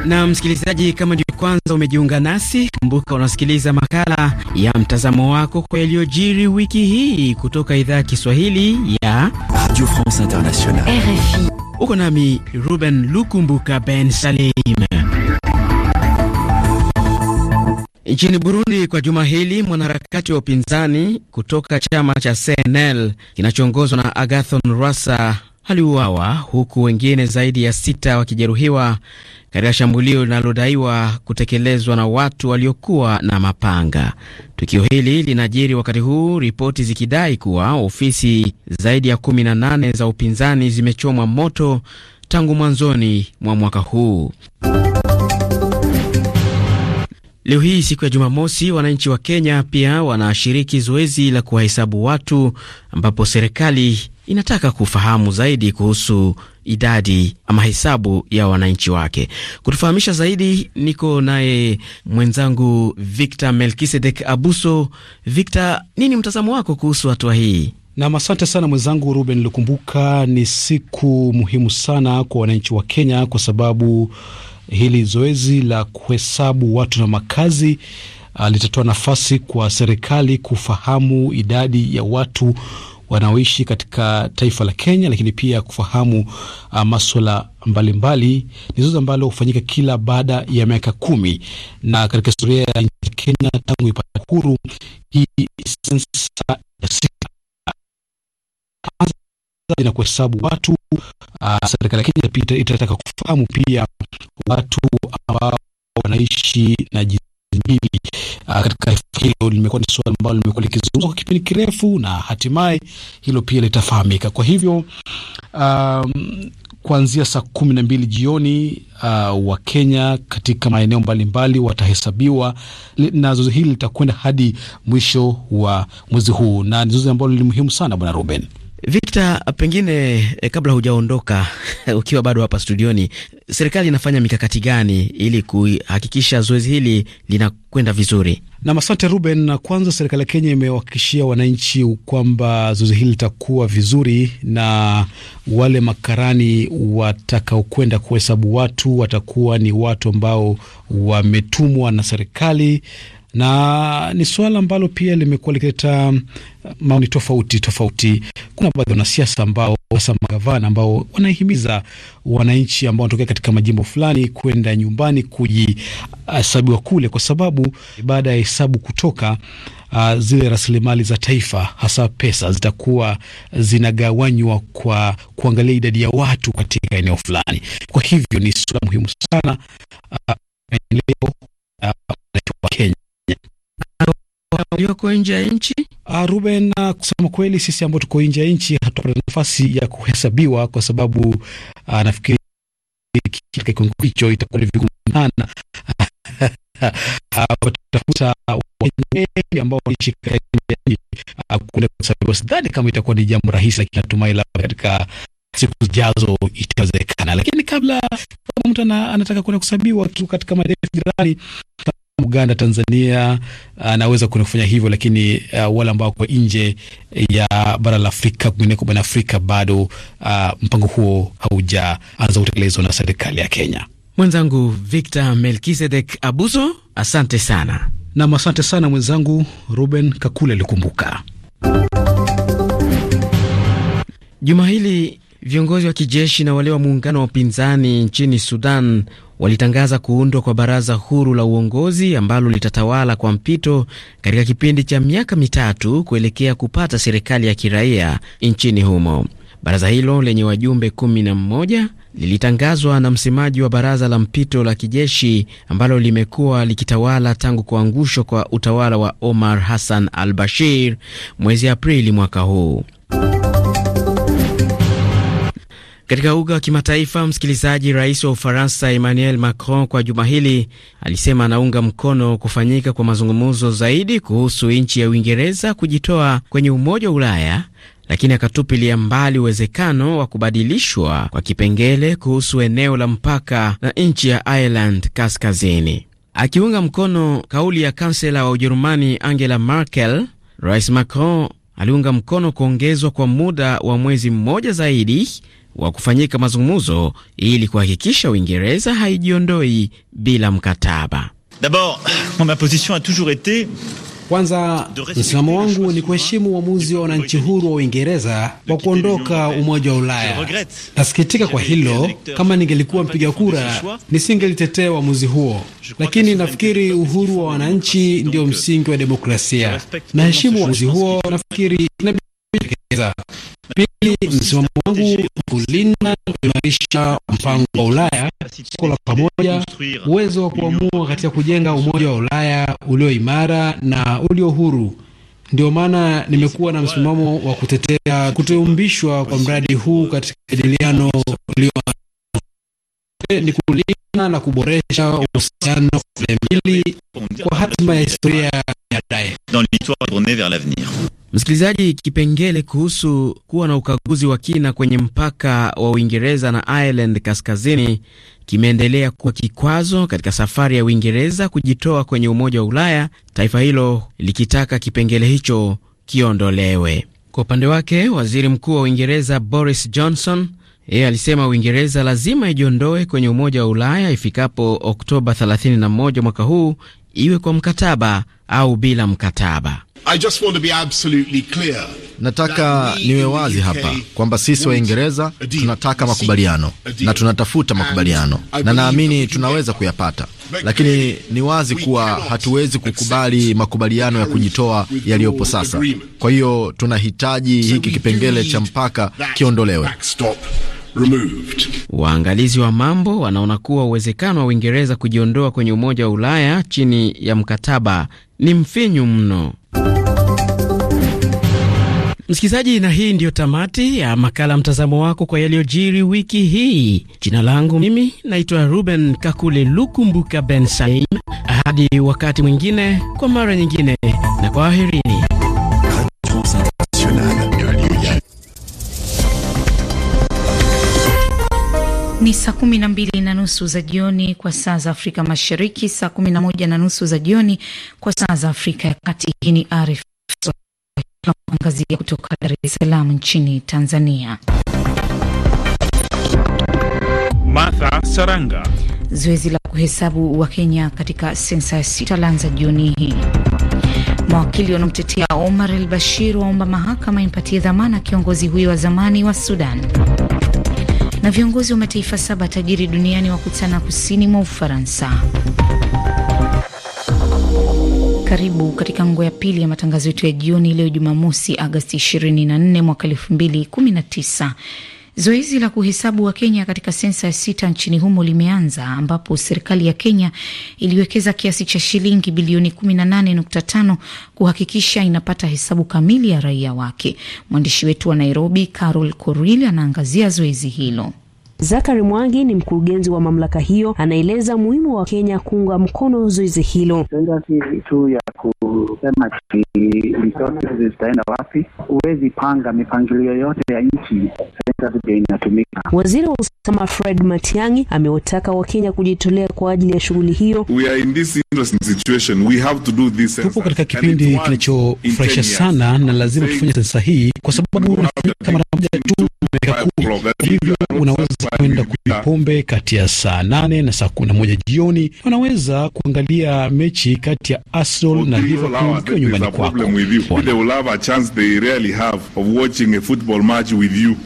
Na msikilizaji, kama ndio kwanza umejiunga nasi, kumbuka unasikiliza makala ya mtazamo wako kwa yaliyojiri wiki hii kutoka idhaa ya Kiswahili ya Radio France Internationale, RFI. Uko nami Ruben Lukumbuka Ben Salim. Nchini Burundi kwa juma hili, mwanaharakati wa upinzani kutoka chama cha CNL kinachoongozwa na Agathon Rwasa aliuawa huku wengine zaidi ya sita wakijeruhiwa katika shambulio linalodaiwa kutekelezwa na watu waliokuwa na mapanga. Tukio hili linajiri wakati huu ripoti zikidai kuwa ofisi zaidi ya 18 za upinzani zimechomwa moto tangu mwanzoni mwa mwaka huu. Leo hii siku ya Jumamosi, wananchi wa Kenya pia wanashiriki zoezi la kuwahesabu watu ambapo serikali inataka kufahamu zaidi kuhusu idadi ama hesabu ya wananchi wake. Kutufahamisha zaidi, niko naye mwenzangu Victor Melkisedek Abuso. Victor, nini mtazamo wako kuhusu hatua hii? Nam, asante sana mwenzangu Ruben Lukumbuka. Ni siku muhimu sana kwa wananchi wa Kenya kwa sababu hili zoezi la kuhesabu watu na makazi ah, litatoa nafasi kwa serikali kufahamu idadi ya watu wanaoishi katika taifa la Kenya, lakini pia kufahamu uh, maswala mbalimbali. Ni zoezi ambalo hufanyika kila baada ya miaka kumi, na katika historia ya nchi ya Kenya tangu ipata huru, hii sensa ya sita na kuhesabu watu uh, serikali ya Kenya itataka kufahamu pia watu ambao wanaishi na nyingi ah, katika hilo limekuwa ni suala ambalo limekuwa likizungumzwa kwa kipindi kirefu, na hatimaye hilo pia litafahamika. Kwa hivyo um, kuanzia saa kumi na mbili jioni uh, Wakenya katika maeneo mbalimbali watahesabiwa, na zoezi hili litakwenda hadi mwisho wa mwezi huu, na ni zoezi ambalo ni muhimu sana, Bwana Ruben. Victor, pengine eh, kabla hujaondoka ukiwa bado hapa studioni, serikali inafanya mikakati gani ili kuhakikisha zoezi hili linakwenda vizuri? Nam, asante Ruben. Na kwanza, serikali ya Kenya imewahakikishia wananchi kwamba zoezi hili litakuwa vizuri, na wale makarani watakaokwenda kuhesabu watu watakuwa ni watu ambao wametumwa na serikali na ni suala ambalo pia limekuwa likileta uh, maoni tofauti tofauti. Kuna baadhi ya wanasiasa ambao, hasa magavana, ambao wanahimiza wananchi ambao wanatokea katika majimbo fulani kwenda nyumbani kujihesabiwa kule, kwa sababu baada ya hesabu kutoka Uh, zile rasilimali za taifa hasa pesa zitakuwa zinagawanywa kwa kuangalia idadi ya watu katika eneo fulani. Kwa hivyo ni suala muhimu sana uh, maendeleo uh, walioko nje ya nchi? Ah, Ruben, kusema kweli, sisi ambao tuko nje ya nchi hatupata nafasi ya kuhesabiwa kwa sababu uh, nafikiri katika kiwango hicho itakuwa ni vigumu sana watafuta ah, wenyeji ambao wanaishi katika kule, kwa sababu sidhani kama itakuwa ni jambo rahisi, lakini natumai labda katika siku zijazo itawezekana. Lakini kabla kama mtu anataka kwenda kusabiwa tu katika marefu jirani Uganda, Tanzania anaweza uh, kufanya hivyo, lakini uh, wale ambao wako nje ya bara la Afrika kwingineko barani Afrika bado uh, mpango huo haujaanza kutekelezwa na serikali ya Kenya. Mwenzangu Victor Melkisedek Abuso, asante sana. Nam, asante sana mwenzangu Ruben Kakule alikumbuka juma hili viongozi wa kijeshi na wale wa muungano wa upinzani nchini Sudan walitangaza kuundwa kwa baraza huru la uongozi ambalo litatawala kwa mpito katika kipindi cha miaka mitatu kuelekea kupata serikali ya kiraia nchini humo. Baraza hilo lenye wajumbe 11 lilitangazwa na msemaji wa baraza la mpito la kijeshi ambalo limekuwa likitawala tangu kuangushwa kwa utawala wa Omar Hassan al-Bashir mwezi Aprili mwaka huu. Katika uga wa kimataifa, msikilizaji, rais wa Ufaransa Emmanuel Macron kwa juma hili alisema anaunga mkono kufanyika kwa mazungumzo zaidi kuhusu nchi ya Uingereza kujitoa kwenye Umoja wa Ulaya, lakini akatupilia mbali uwezekano wa kubadilishwa kwa kipengele kuhusu eneo la mpaka na nchi ya Ireland Kaskazini. Akiunga mkono kauli ya kansela wa Ujerumani Angela Merkel, rais Macron aliunga mkono kuongezwa kwa muda wa mwezi mmoja zaidi wa kufanyika mazungumzo ili kuhakikisha Uingereza haijiondoi bila mkataba. Kwanza, msimamo wangu ni kuheshimu uamuzi wa wananchi huru wa Uingereza wa kuondoka Umoja wa Ulaya. Nasikitika kwa hilo. Kama ningelikuwa mpiga kura, nisingelitetea uamuzi huo, lakini nafikiri uhuru wa wananchi ndio msingi wa demokrasia. Naheshimu uamuzi huo, nafikiri inabidi Pili, msimamo wangu kulinda kuimarisha mpango wa Ulaya, soko la pamoja, uwezo wa kuamua katika kujenga umoja wa Ulaya ulio imara na ulio huru. Ndio maana nimekuwa na msimamo wa kutetea kuteumbishwa kwa mradi huu katika majadiliano ulio ni kulinda na kuboresha uhusiano mbili kwa hatima ya historia ya baadaye. Msikilizaji, kipengele kuhusu kuwa na ukaguzi wa kina kwenye mpaka wa Uingereza na Ireland kaskazini kimeendelea kuwa kikwazo katika safari ya Uingereza kujitoa kwenye Umoja wa Ulaya, taifa hilo likitaka kipengele hicho kiondolewe. Kwa upande wake, waziri mkuu wa Uingereza Boris Johnson yeye alisema Uingereza lazima ijiondoe kwenye Umoja wa Ulaya ifikapo Oktoba 31 mwaka huu, iwe kwa mkataba au bila mkataba. I just want to be absolutely clear. Nataka niwe wazi hapa kwamba sisi Waingereza tunataka makubaliano na tunatafuta makubaliano, na naamini tunaweza kuyapata, lakini ni wazi kuwa hatuwezi kukubali makubaliano ya kujitoa yaliyopo sasa. Kwa hiyo tunahitaji hiki kipengele cha mpaka kiondolewe. Waangalizi wa mambo wanaona kuwa uwezekano wa Uingereza kujiondoa kwenye Umoja wa Ulaya chini ya mkataba ni mfinyu mno. Msikilizaji, na hii ndiyo tamati ya makala mtazamo wako kwa yaliyojiri wiki hii. Jina langu mimi naitwa Ruben Kakule Lukumbuka Ben Saim. Hadi wakati mwingine, kwa mara nyingine, na kwaherini. Ni saa kumi na mbili na nusu za jioni kwa saa za Afrika Mashariki, saa kumi na moja na nusu za jioni kwa saa za Afrika ya Kati. Hii ni RFI Tunakuangazia kutoka Dar es Salaam nchini Tanzania. Martha Saranga. Zoezi la kuhesabu wa kenya katika sensa ya sita laanza jioni hii. Mawakili wanaomtetea Omar El Bashir waomba mahakama impatie dhamana kiongozi huyo wa zamani wa Sudan. Na viongozi wa mataifa saba tajiri duniani wakutana kusini mwa Ufaransa. Karibu katika nguo ya pili ya matangazo yetu ya jioni leo Jumamosi, Agasti 24 mwaka 2019. Zoezi la kuhesabu wa Kenya katika sensa ya sita nchini humo limeanza ambapo serikali ya Kenya iliwekeza kiasi cha shilingi bilioni 18.5 kuhakikisha inapata hesabu kamili ya raia wake. Mwandishi wetu wa Nairobi, Carol Koril, anaangazia zoezi hilo. Zakari Mwangi ni mkurugenzi wa mamlaka hiyo, anaeleza muhimu wa Kenya kuunga mkono zoezi hilo. tu ya kusema resources zitaenda wapi, huwezi panga mipangilio yote ya nchi inatumika. Waziri wa usalama Fred Matiang'i amewataka Wakenya kujitolea kwa ajili ya shughuli hiyo. We are in this situation. We have to do this. Tupo katika kipindi kinachofurahisha sana na lazima tufanye sensa hii kwa sababu nafanyika mara moja tu hivyo unaweza kwenda pombe kati ya saa nane na saa kumi na moja jioni. Wanaweza kuangalia mechi kati ya Arsenal na Liverpool ukiwa nyumbani kwako.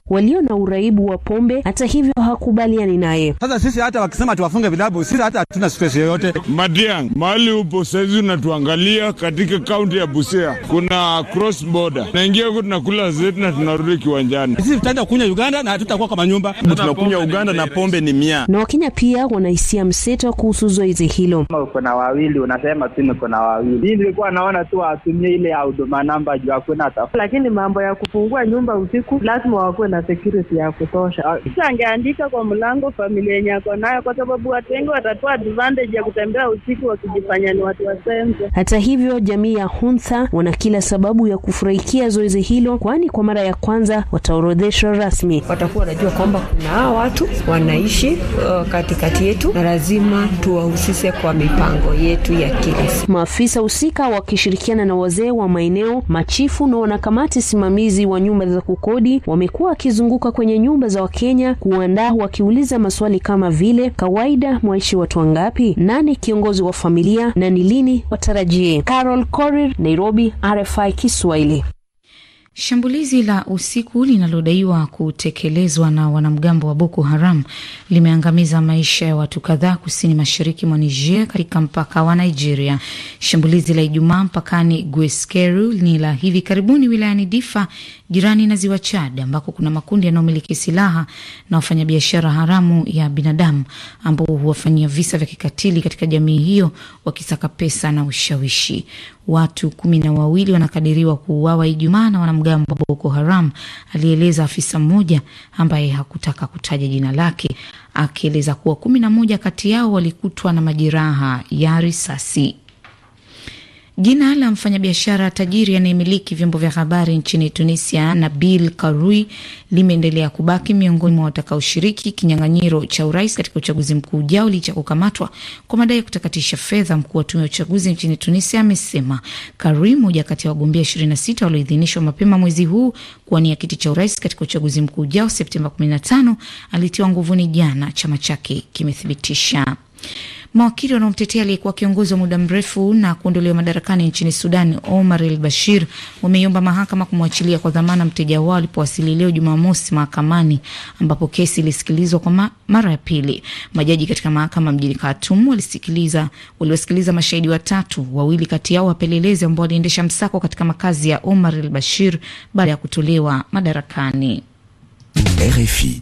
Walio na uraibu wa pombe, hata hivyo, hakubaliani naye. Sasa sisi hata wakisema tuwafunge vilabu, sisi hata hatuna stress yoyote. Madiang, mahali upo saizi unatuangalia katika kaunti ya Busia, kuna cross border, naingia huko tunakula zetu na tunarudi kiwanjani. Sisi tutaenda kunywa Uganda na hatutakuwa kwa manyumba, tunakunywa Uganda na pombe pombe ni mia. Na Wakenya pia wanahisia mseto kuhusu zoezi hilo. Uko na wawili unasema tu niko na wawili. Hii nilikuwa naona tu watumie ile ya huduma namba juu hakuna tafu. Lakini mambo ya kufungua nyumba usiku lazima wakuwe na security ya kutosha. Ah. Sasa angeandika kwa mlango familia yenye ako nayo, kwa sababu watu wengi watatoa advantage ya kutembea usiku wakijifanya ni watu wasenze. Hata hivyo, jamii ya Huntha wana kila sababu ya kufurahikia zoezi hilo, kwani kwa mara ya kwanza wataorodheshwa rasmi. Watakuwa wanajua kwamba kuna watu wana wanaishi uh, katikati yetu na lazima tuwahusishe kwa mipango yetu ya kila siku. Maafisa husika wakishirikiana na wazee wa maeneo, machifu na wanakamati simamizi wa nyumba za kukodi wamekuwa wakizunguka kwenye nyumba za Wakenya kuandaa wakiuliza maswali kama vile kawaida, mwaishi watu wangapi, nani kiongozi wa familia na ni lini watarajie. Carol Korir, Nairobi, RFI Kiswahili. Shambulizi la usiku linalodaiwa kutekelezwa na wanamgambo wa Boko Haram limeangamiza maisha ya watu kadhaa kusini mashariki mwa Niger katika mpaka wa Nigeria. Shambulizi la Ijumaa mpakani Gueskeru ni la hivi karibuni wilayani Difa, jirani na ziwa Chad, ambako kuna makundi yanayomiliki silaha na wafanyabiashara haramu ya binadamu ambao huwafanyia visa vya kikatili katika jamii hiyo wakisaka pesa na ushawishi watu kumi na wawili wanakadiriwa kuuawa Ijumaa na wanamgambo wa Boko Haram, alieleza afisa mmoja ambaye hakutaka kutaja jina lake, akieleza kuwa kumi na moja kati yao walikutwa na majeraha ya risasi. Jina la mfanyabiashara tajiri anayemiliki vyombo vya habari nchini Tunisia, Nabil Karui, limeendelea kubaki miongoni mwa watakaoshiriki kinyang'anyiro cha urais katika uchaguzi mkuu ujao licha kukamatwa kwa madai ya kutakatisha fedha. Mkuu wa tume ya uchaguzi nchini Tunisia amesema Karui, moja kati ya wagombea 26 walioidhinishwa mapema mwezi huu kuwania kiti cha urais katika uchaguzi mkuu ujao Septemba 15, alitiwa nguvuni jana, chama chake kimethibitisha. Mawakili wanaomtetea aliyekuwa kiongozi wa muda mrefu na kuondolewa madarakani nchini Sudan, Omar el Bashir, wameiomba mahakama kumwachilia kwa dhamana mteja wao alipowasili leo Jumamosi mahakamani ambapo kesi ilisikilizwa kwa ma mara ya pili. Majaji katika mahakama mjini Khartoum walisikiliza waliwasikiliza mashahidi watatu, wawili kati yao wapelelezi ambao waliendesha msako katika makazi ya Omar el Bashir baada ya kutolewa madarakani. RFI.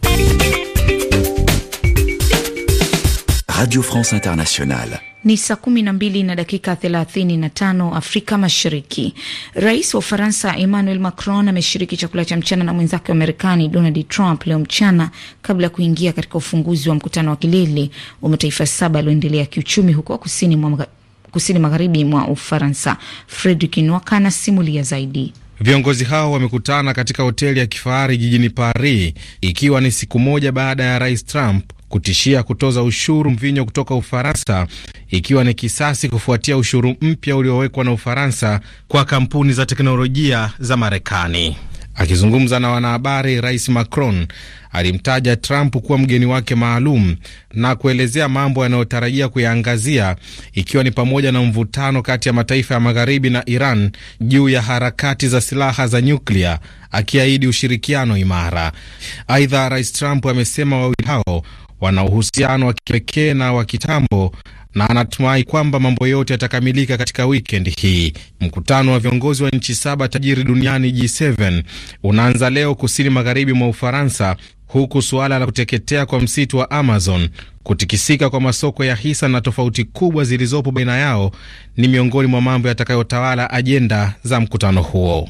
Radio France Internationale. Ni saa kumi na mbili na dakika thelathini na tano Afrika Mashariki. Rais wa Ufaransa Emmanuel Macron ameshiriki chakula cha mchana na mwenzake wa Marekani Donald Trump leo mchana kabla ya kuingia katika ufunguzi wa mkutano wa kilele wa mataifa saba yaliyoendelea kiuchumi huko kusini, kusini magharibi mwa Ufaransa. Fredrik Nwaka anasimulia zaidi. Viongozi hao wamekutana katika hoteli ya kifahari jijini Paris, ikiwa ni siku moja baada ya rais Trump kutishia kutoza ushuru mvinyo kutoka Ufaransa, ikiwa ni kisasi kufuatia ushuru mpya uliowekwa na Ufaransa kwa kampuni za teknolojia za Marekani. Akizungumza na wanahabari, Rais Macron alimtaja Trump kuwa mgeni wake maalum na kuelezea mambo yanayotarajia kuyaangazia ikiwa ni pamoja na mvutano kati ya mataifa ya magharibi na Iran juu ya harakati za silaha za nyuklia, akiahidi ushirikiano imara. Aidha, Rais Trump amesema wawili hao wana uhusiano wa kipekee na wa kitambo na anatumai kwamba mambo yote yatakamilika katika wikendi hii. Mkutano wa viongozi wa nchi saba tajiri duniani G7 unaanza leo kusini magharibi mwa Ufaransa, huku suala la kuteketea kwa msitu wa Amazon, kutikisika kwa masoko ya hisa na tofauti kubwa zilizopo baina yao ni miongoni mwa mambo yatakayotawala ajenda za mkutano huo.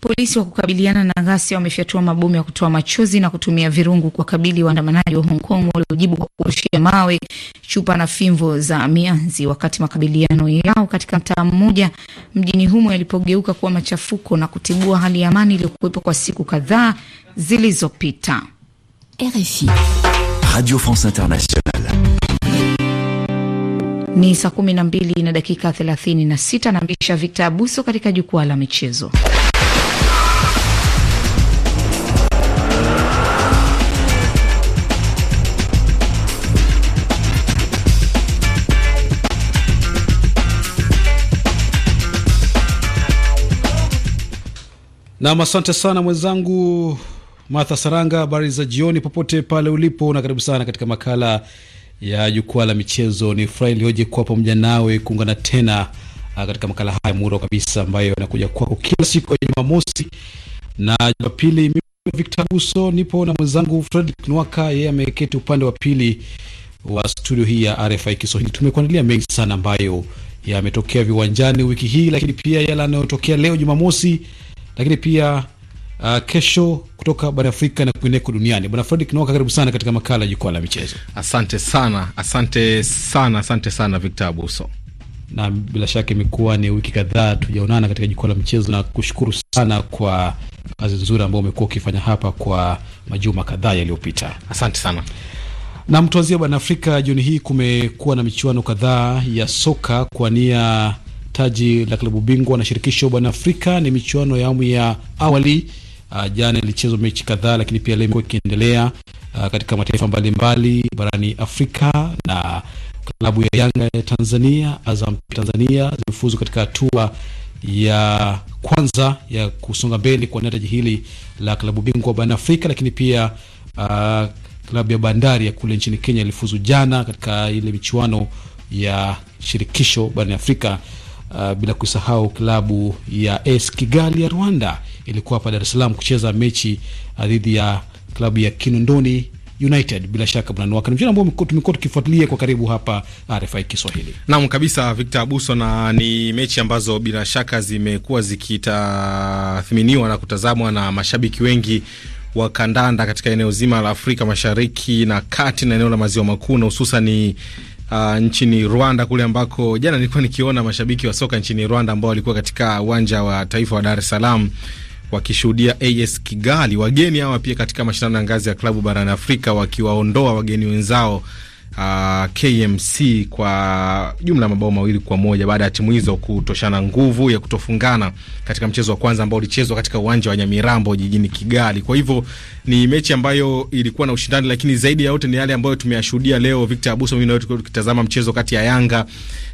Polisi wa kukabiliana na ghasia wamefyatua mabomu ya kutoa machozi na kutumia virungu kuwakabili waandamanaji wa Hong Kong waliojibu kwa kurushia mawe, chupa na fimbo za mianzi, wakati makabiliano yao katika mtaa mmoja mjini humo yalipogeuka kuwa machafuko na kutibua hali ya amani iliyokuwepo kwa siku kadhaa zilizopita. RFI, Radio France Internationale. Ni saa 12 na dakika 36 na mbisha Victor Abuso katika jukwaa la michezo. Nam, asante sana mwenzangu Martha Saranga. Habari za jioni popote pale ulipo, na karibu sana katika makala ya jukwaa la michezo. Ni furaha iliyoje kuwa pamoja nawe kuungana tena ah, katika makala haya muro kabisa ambayo yanakuja kwako kila siku ya Jumamosi na Jumapili. Mimi Victor Buso nipo na mwenzangu Fredrick Nwaka, yeye ameketi upande wa pili wa studio hii ya RFI Kiswahili. Tumekuandalia mengi sana ambayo yametokea viwanjani wiki hii, lakini pia yale yanayotokea leo Jumamosi lakini pia uh, kesho kutoka bara Afrika na kwingineko duniani. Bwana Fredrick Noka, karibu sana katika makala ya jukwaa la michezo. Asante sana, asante sana, asante sana Victor Abuso na bila shaka imekuwa ni wiki kadhaa tujaonana katika jukwaa la michezo, na kushukuru sana kwa kazi nzuri ambayo umekuwa ukifanya hapa kwa majuma kadhaa yaliyopita. Asante sana. Na mtuanzia bwana Afrika, jioni hii kumekuwa na michuano kadhaa ya soka kwa nia taji la klabu bingwa na shirikisho bwana Afrika. Ni michuano ya awamu ya awali. Uh, jana ilichezwa mechi kadhaa, lakini pia leo ikiendelea uh, katika mataifa mbalimbali barani Afrika na klabu ya Yanga ya Tanzania, Azam Tanzania zimefuzu katika hatua ya kwanza ya kusonga mbele kwa taji hili la klabu bingwa barani Afrika, lakini pia uh, klabu ya Bandari ya kule nchini Kenya ilifuzu jana katika ile michuano ya shirikisho barani Afrika uh, bila kusahau klabu ya AS Kigali ya Rwanda ilikuwa hapa Dar es Salaam kucheza mechi ah, dhidi ya klabu ya Kinondoni United bila shaka bwana Nwaka, mchezo ambao tumekuwa tukifuatilia kwa karibu hapa RFI Kiswahili. Naam kabisa, Victor Abuso, na ni mechi ambazo bila shaka zimekuwa zikitathminiwa na kutazamwa na mashabiki wengi wa kandanda katika eneo zima la Afrika Mashariki na Kati na eneo la Maziwa Makuu na hususan ni uh, nchini Rwanda kule ambako jana nilikuwa nikiona mashabiki wa soka nchini Rwanda ambao walikuwa katika uwanja wa taifa wa Dar es Salaam wakishuhudia AS Kigali, wageni hawa pia katika mashindano ya ngazi ya klabu barani Afrika, wakiwaondoa wageni wenzao uh, KMC kwa jumla ya mabao mawili kwa moja baada ya timu hizo kutoshana nguvu ya kutofungana katika mchezo wa kwanza ambao ulichezwa katika uwanja wa Nyamirambo jijini Kigali. Kwa hivyo ni mechi ambayo ilikuwa na ushindani, lakini zaidi ya yote ni yale ambayo tumeyashuhudia leo, Victor Abuso, mimi nawe tukitazama mchezo kati ya Yanga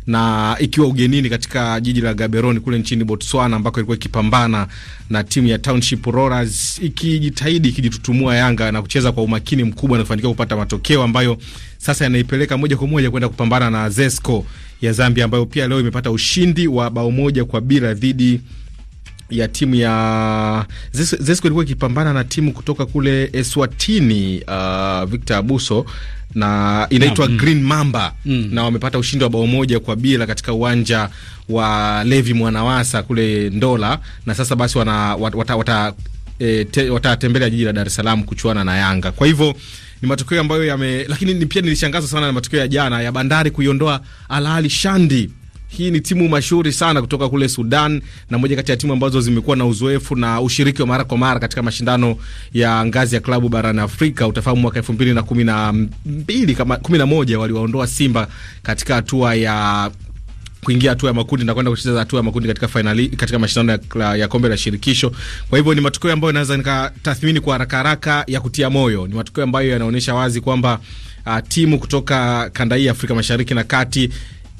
na ikiwa ugenini katika jiji la Gaborone kule nchini Botswana ambako ilikuwa ikipambana na timu ya Township Rollers ikijitahidi ikijitutumua Yanga na kucheza kwa umakini mkubwa na kufanikiwa kupata matokeo ambayo sasa yanaipeleka moja kwa moja kwenda kupambana na Zesco ya Zambia ambayo pia leo imepata ushindi wa bao moja kwa bila dhidi ya timu ya Zesco. ilikuwa ikipambana na timu kutoka kule Eswatini, uh, Victor Abuso na inaitwa mm, Green Mamba mm, na wamepata ushindi wa bao moja kwa bila katika uwanja wa Levi Mwanawasa kule Ndola, na sasa basi wana, wat, wata, wata, e, te, watatembelea jiji la Dar es Salaam kuchuana na Yanga. Kwa hivyo ni matokeo ambayo yame, lakini pia nilishangazwa sana na matokeo ya jana ya Bandari kuiondoa Alali Shandi. Hii ni timu mashuhuri sana kutoka kule Sudan na moja kati ya timu ambazo zimekuwa na uzoefu na ushiriki wa mara kwa mara katika mashindano ya ngazi ya klabu barani Afrika. Utafahamu mwaka elfu mbili na kumi na mbili kama kumi na moja waliwaondoa Simba katika hatua ya kuingia hatua ya makundi na kwenda kucheza hatua ya makundi katika finali katika mashindano ya, ya kombe la shirikisho. Kwa hivyo ni matokeo ambayo naweza nikatathmini kwa haraka haraka ya kutia moyo. Ni matokeo ambayo yanaonyesha wazi kwamba uh, timu kutoka kanda hii ya Afrika Mashariki na Kati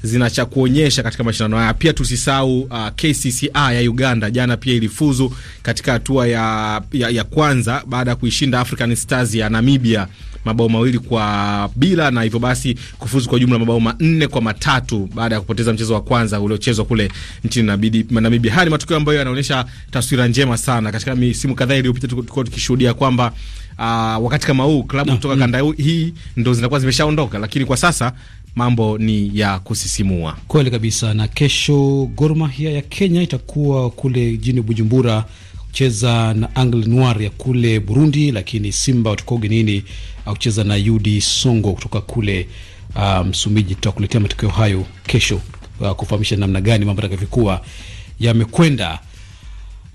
zina cha kuonyesha katika mashindano haya. Pia tusisahau uh, ah, KCCA ya Uganda jana pia ilifuzu katika hatua ya, ya, ya kwanza baada ya kuishinda African Stars ya Namibia mabao mawili kwa bila, na hivyo basi kufuzu kwa jumla mabao manne kwa matatu baada ya kupoteza mchezo wa kwanza uliochezwa kule nchini Namibia. Haya ni ambayo yanaonyesha taswira njema sana. Katika misimu kadhaa iliyopita tulikuwa tukishuhudia kwamba uh, wakati kama huu klabu kutoka no, mm, kanda hii ndo zinakuwa zimeshaondoka, lakini kwa sasa mambo ni ya kusisimua kweli kabisa. Na kesho Gor Mahia ya Kenya itakuwa kule jijini Bujumbura kucheza na Angle Noir ya kule Burundi, lakini Simba watakuwa ugenini akucheza uh, na UD Songo kutoka kule uh, Msumbiji. Um, tutakuletea matokeo hayo kesho uh, kufahamisha namna gani mambo atakavyokuwa yamekwenda.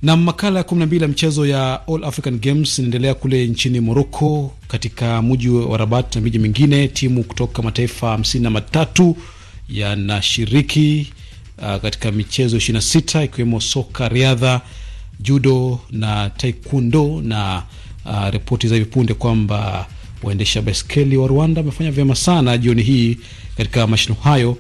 Na makala ya kumi na mbili ya mchezo ya All African Games inaendelea kule nchini Morocco, katika mji wa Rabat na miji mingine. Timu kutoka mataifa hamsini na matatu yanashiriki uh, katika michezo na sita ikiwemo soka, riadha judo na taekwondo na uh, ripoti za hivi punde kwamba waendesha baiskeli wa Rwanda wamefanya vyema sana jioni hii katika mashindano hayo.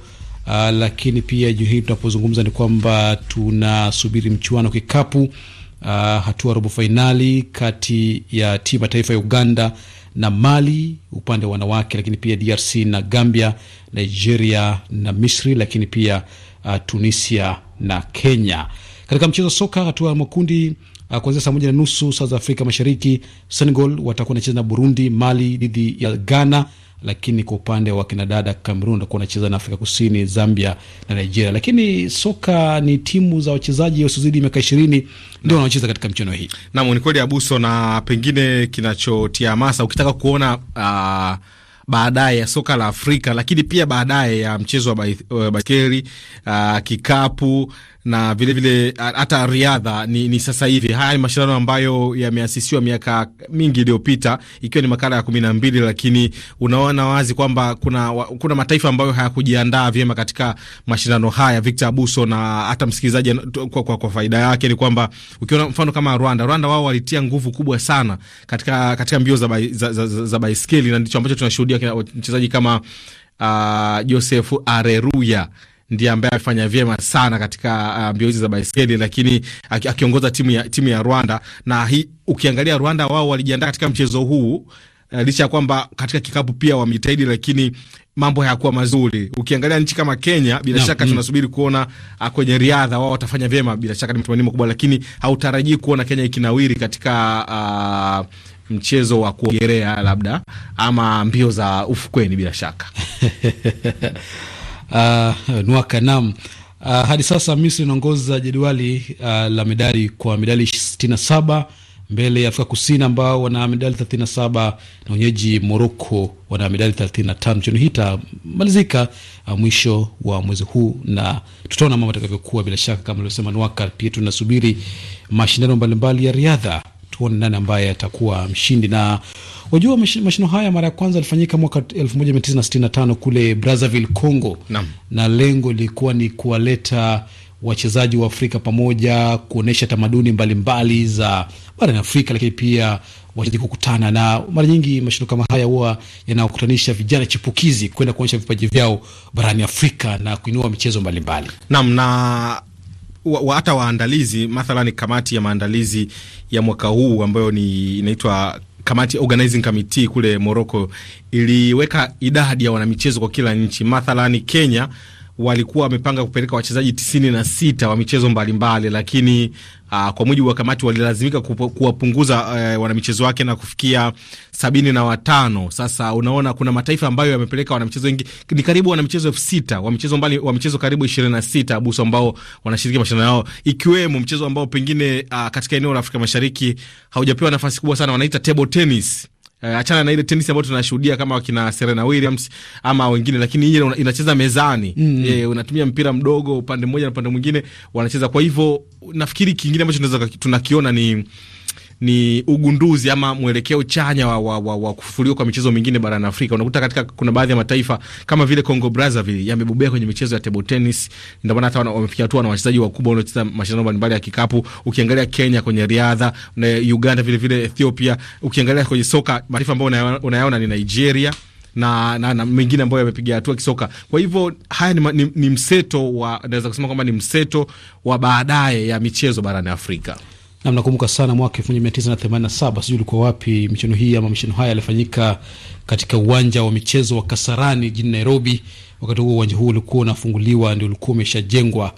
Uh, lakini pia jioni hii tunapozungumza ni kwamba tunasubiri mchuano kikapu, uh, hatua robo fainali kati ya timu ya taifa ya Uganda na Mali upande wa wanawake, lakini pia DRC na Gambia, Nigeria na Misri, lakini pia uh, Tunisia na Kenya. Katika mchezo soka hatua ya makundi uh, kuanzia saa moja na nusu saa za Afrika Mashariki, Senegal watakuwa wanacheza na Burundi, Mali dhidi ya Ghana, lakini kwa upande wa kinadada Cameroon watakuwa wanacheza na Afrika Kusini, Zambia na Nigeria. Lakini soka ni timu za wachezaji wasiozidi miaka ishirini ndio wanaocheza katika mchano hii. Naam, ni kweli Abuso, na pengine kinachotia hamasa ukitaka kuona uh, baadaye ya soka la Afrika lakini pia baadaye ya mchezo wa baiskeli uh, kikapu na vilevile hata vile, riadha ni, ni sasa hivi. Haya ni mashindano ambayo yameasisiwa miaka mingi iliyopita, ikiwa ni makala ya kumi na mbili, lakini unaona wazi kwamba kuna, kuna mataifa ambayo hayakujiandaa vyema katika mashindano haya. Victor Abuso na hata msikilizaji kwa, kwa, kwa faida yake ni kwamba ukiona mfano kama Rwanda, Rwanda wao walitia nguvu kubwa sana katika, katika mbio za, bai, za, za, za, za baiskeli na ndicho ambacho tunashuhudia mchezaji kama uh, Joseph Areruya ndiye ambaye amefanya vyema sana katika uh, mbio hizi za baiskeli, lakini akiongoza timu ya, timu ya Rwanda na hi, ukiangalia Rwanda wao walijiandaa katika mchezo huu uh, licha ya kwamba katika kikapu pia wamejitahidi, lakini mambo hayakuwa mazuri. Ukiangalia nchi kama Kenya, bila no, shaka mm, tunasubiri kuona uh, kwenye riadha wao watafanya vyema, bila shaka ni matumaini makubwa, lakini hautarajii kuona Kenya ikinawiri katika uh, mchezo wa kuogelea labda ama mbio za ufukweni bila shaka uh, ah, Nwaka nam uh, ah, hadi sasa Misri inaongoza jedwali uh, la medali kwa medali 67 mbele ya Afrika Kusini ambao wana medali 37 na wenyeji Moroko wana medali 35. Mchuano hii itamalizika uh, mwisho wa mwezi huu na tutaona mambo atakavyokuwa. Bila shaka kama alivyosema Nwaka, pia tunasubiri mashindano mbalimbali ya riadha tuone nani ambaye atakuwa mshindi. Na wajua mashindano haya mara ya kwanza yalifanyika mwaka 1965 kule Brazzaville, Congo na, na lengo lilikuwa ni kuwaleta wachezaji wa Afrika pamoja kuonyesha tamaduni mbalimbali mbali za barani Afrika, lakini pia wachezaji kukutana. Na mara nyingi mashindano kama haya huwa yanakutanisha vijana chipukizi kwenda kuonyesha vipaji vyao barani Afrika na kuinua michezo mbalimbali. Naam, na hata wa, waandalizi mathalan kamati ya maandalizi ya mwaka huu ambayo ni inaitwa kamati organizing committee kule Morocco iliweka idadi ya wanamichezo kwa kila nchi. Mathalani Kenya walikuwa wamepanga kupeleka wachezaji tisini na sita wa michezo mbalimbali, lakini Uh, kwa mujibu wa kamati walilazimika kuwapunguza uh, wanamichezo wake na kufikia sabini na watano. Sasa unaona kuna mataifa ambayo yamepeleka wanamichezo wengi, ni karibu wanamichezo elfu sita wa michezo mbali, wa michezo karibu ishirini na sita buso ambao wanashiriki mashindano yao, ikiwemo mchezo ambao pengine uh, katika eneo la Afrika Mashariki haujapewa nafasi kubwa sana, wanaita table tennis Eh, achana na ile tenis ambayo tunashuhudia kama wakina Serena Williams ama wengine, lakini hii inacheza mezani mm. E, unatumia mpira mdogo upande mmoja na upande mwingine wanacheza. Kwa hivyo nafikiri kingine ambacho tunaweza tunakiona ni ni ugunduzi ama mwelekeo chanya wa, wa, wa, wa kufufuliwa kwa michezo mingine barani Afrika. Unakuta katika kuna baadhi ya mataifa kama vile Congo Brazzaville yamebobea kwenye michezo ya table tennis, ndio maana hata wamefikia hatua na wachezaji wakubwa wanaocheza mashindano mbalimbali ya kikapu. Ukiangalia Kenya kwenye riadha na Uganda vile vile Ethiopia, ukiangalia kwenye soka mataifa ambayo unayaona ni Nigeria na, na, na mengine ambayo yamepiga hatua kisoka. Kwa hivyo haya ni, ni, ni mseto wa naweza kusema kwamba ni mseto wa baadaye ya michezo barani Afrika. Nam, nakumbuka sana mwaka elfu moja mia tisa na themanini na saba sijui ulikuwa wapi michuano hii ama michuano haya yalifanyika katika uwanja wa michezo wa Kasarani jijini Nairobi. Wakati huo uwanja huo ulikuwa unafunguliwa, ndio ulikuwa umeshajengwa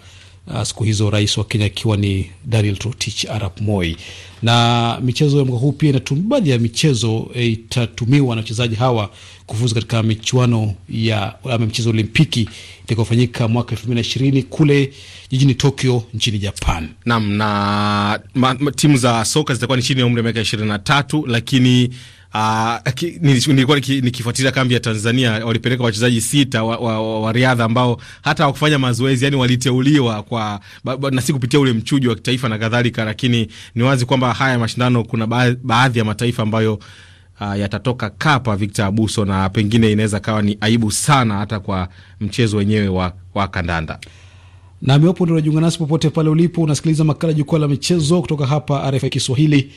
uh, siku hizo rais wa Kenya akiwa ni Daniel trotich arap Moi. Na michezo ya mwaka huu pia baadhi ya michezo eh, itatumiwa na wachezaji hawa kufuzu katika michuano ya ama michezo ya Olimpiki itakayofanyika mwaka elfu mbili na ishirini kule jijini Tokyo nchini Japan. Naam, na timu za soka zitakuwa ni chini ya umri wa miaka ishirini na tatu lakini Uh, ki, nilikuwa nikifuatilia kambi ya Tanzania, walipeleka wachezaji sita wa, wa, wa, wa riadha ambao hata hawakufanya mazoezi, yani waliteuliwa kwa na si kupitia ule mchujo wa kitaifa na kadhalika, lakini ni wazi kwamba haya mashindano kuna ba, baadhi ya mataifa ambayo Uh, yatatoka kapa Victor Abuso, na pengine inaweza kawa ni aibu sana hata kwa mchezo wenyewe wa, wa kandanda. Nami wapo ndio unajiunga nasi popote pale ulipo unasikiliza makala Jukwaa la Michezo kutoka hapa RFI Kiswahili.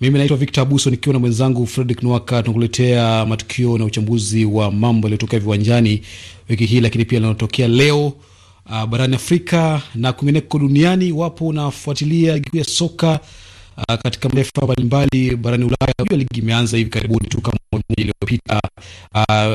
Mimi naitwa Victor Abuso nikiwa na mwenzangu Fredrick Nwaka, tunakuletea matukio na uchambuzi wa mambo yaliyotokea viwanjani wiki hii, lakini pia linaotokea leo uh, barani Afrika na kwingineko duniani. Wapo unafuatilia ligi kuu ya soka uh, katika mataifa mbalimbali barani Ulaya. Unajua ligi imeanza hivi karibuni tu kama moja iliyopita. Uh,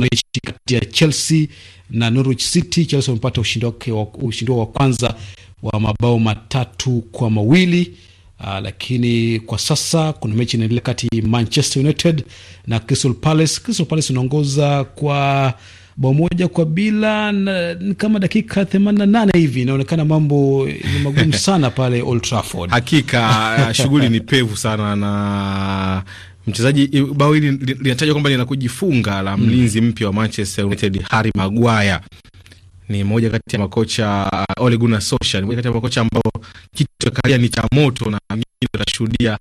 mechi kati ya Chelsea na Norwich City. Chelsea wamepata ushindi wake wa ushindi wa kwanza wa mabao matatu kwa mawili Uh, lakini kwa sasa kuna mechi inaendelea kati Manchester United na Crystal Palace. Crystal Palace inaongoza kwa bao moja kwa bila na, kama dakika 88 hivi inaonekana mambo ni magumu sana pale Old Trafford. Hakika ah, shughuli ni pevu sana na mchezaji bao hili linatajwa kwamba linakujifunga kujifunga la mlinzi mpya wa Manchester United Harry Maguire ni moja kati ya makocha uh, Ole Gunnar Solskjaer, ni moja kati ya makocha ambao kitu kalia ni cha moto, na mimi tutashuhudia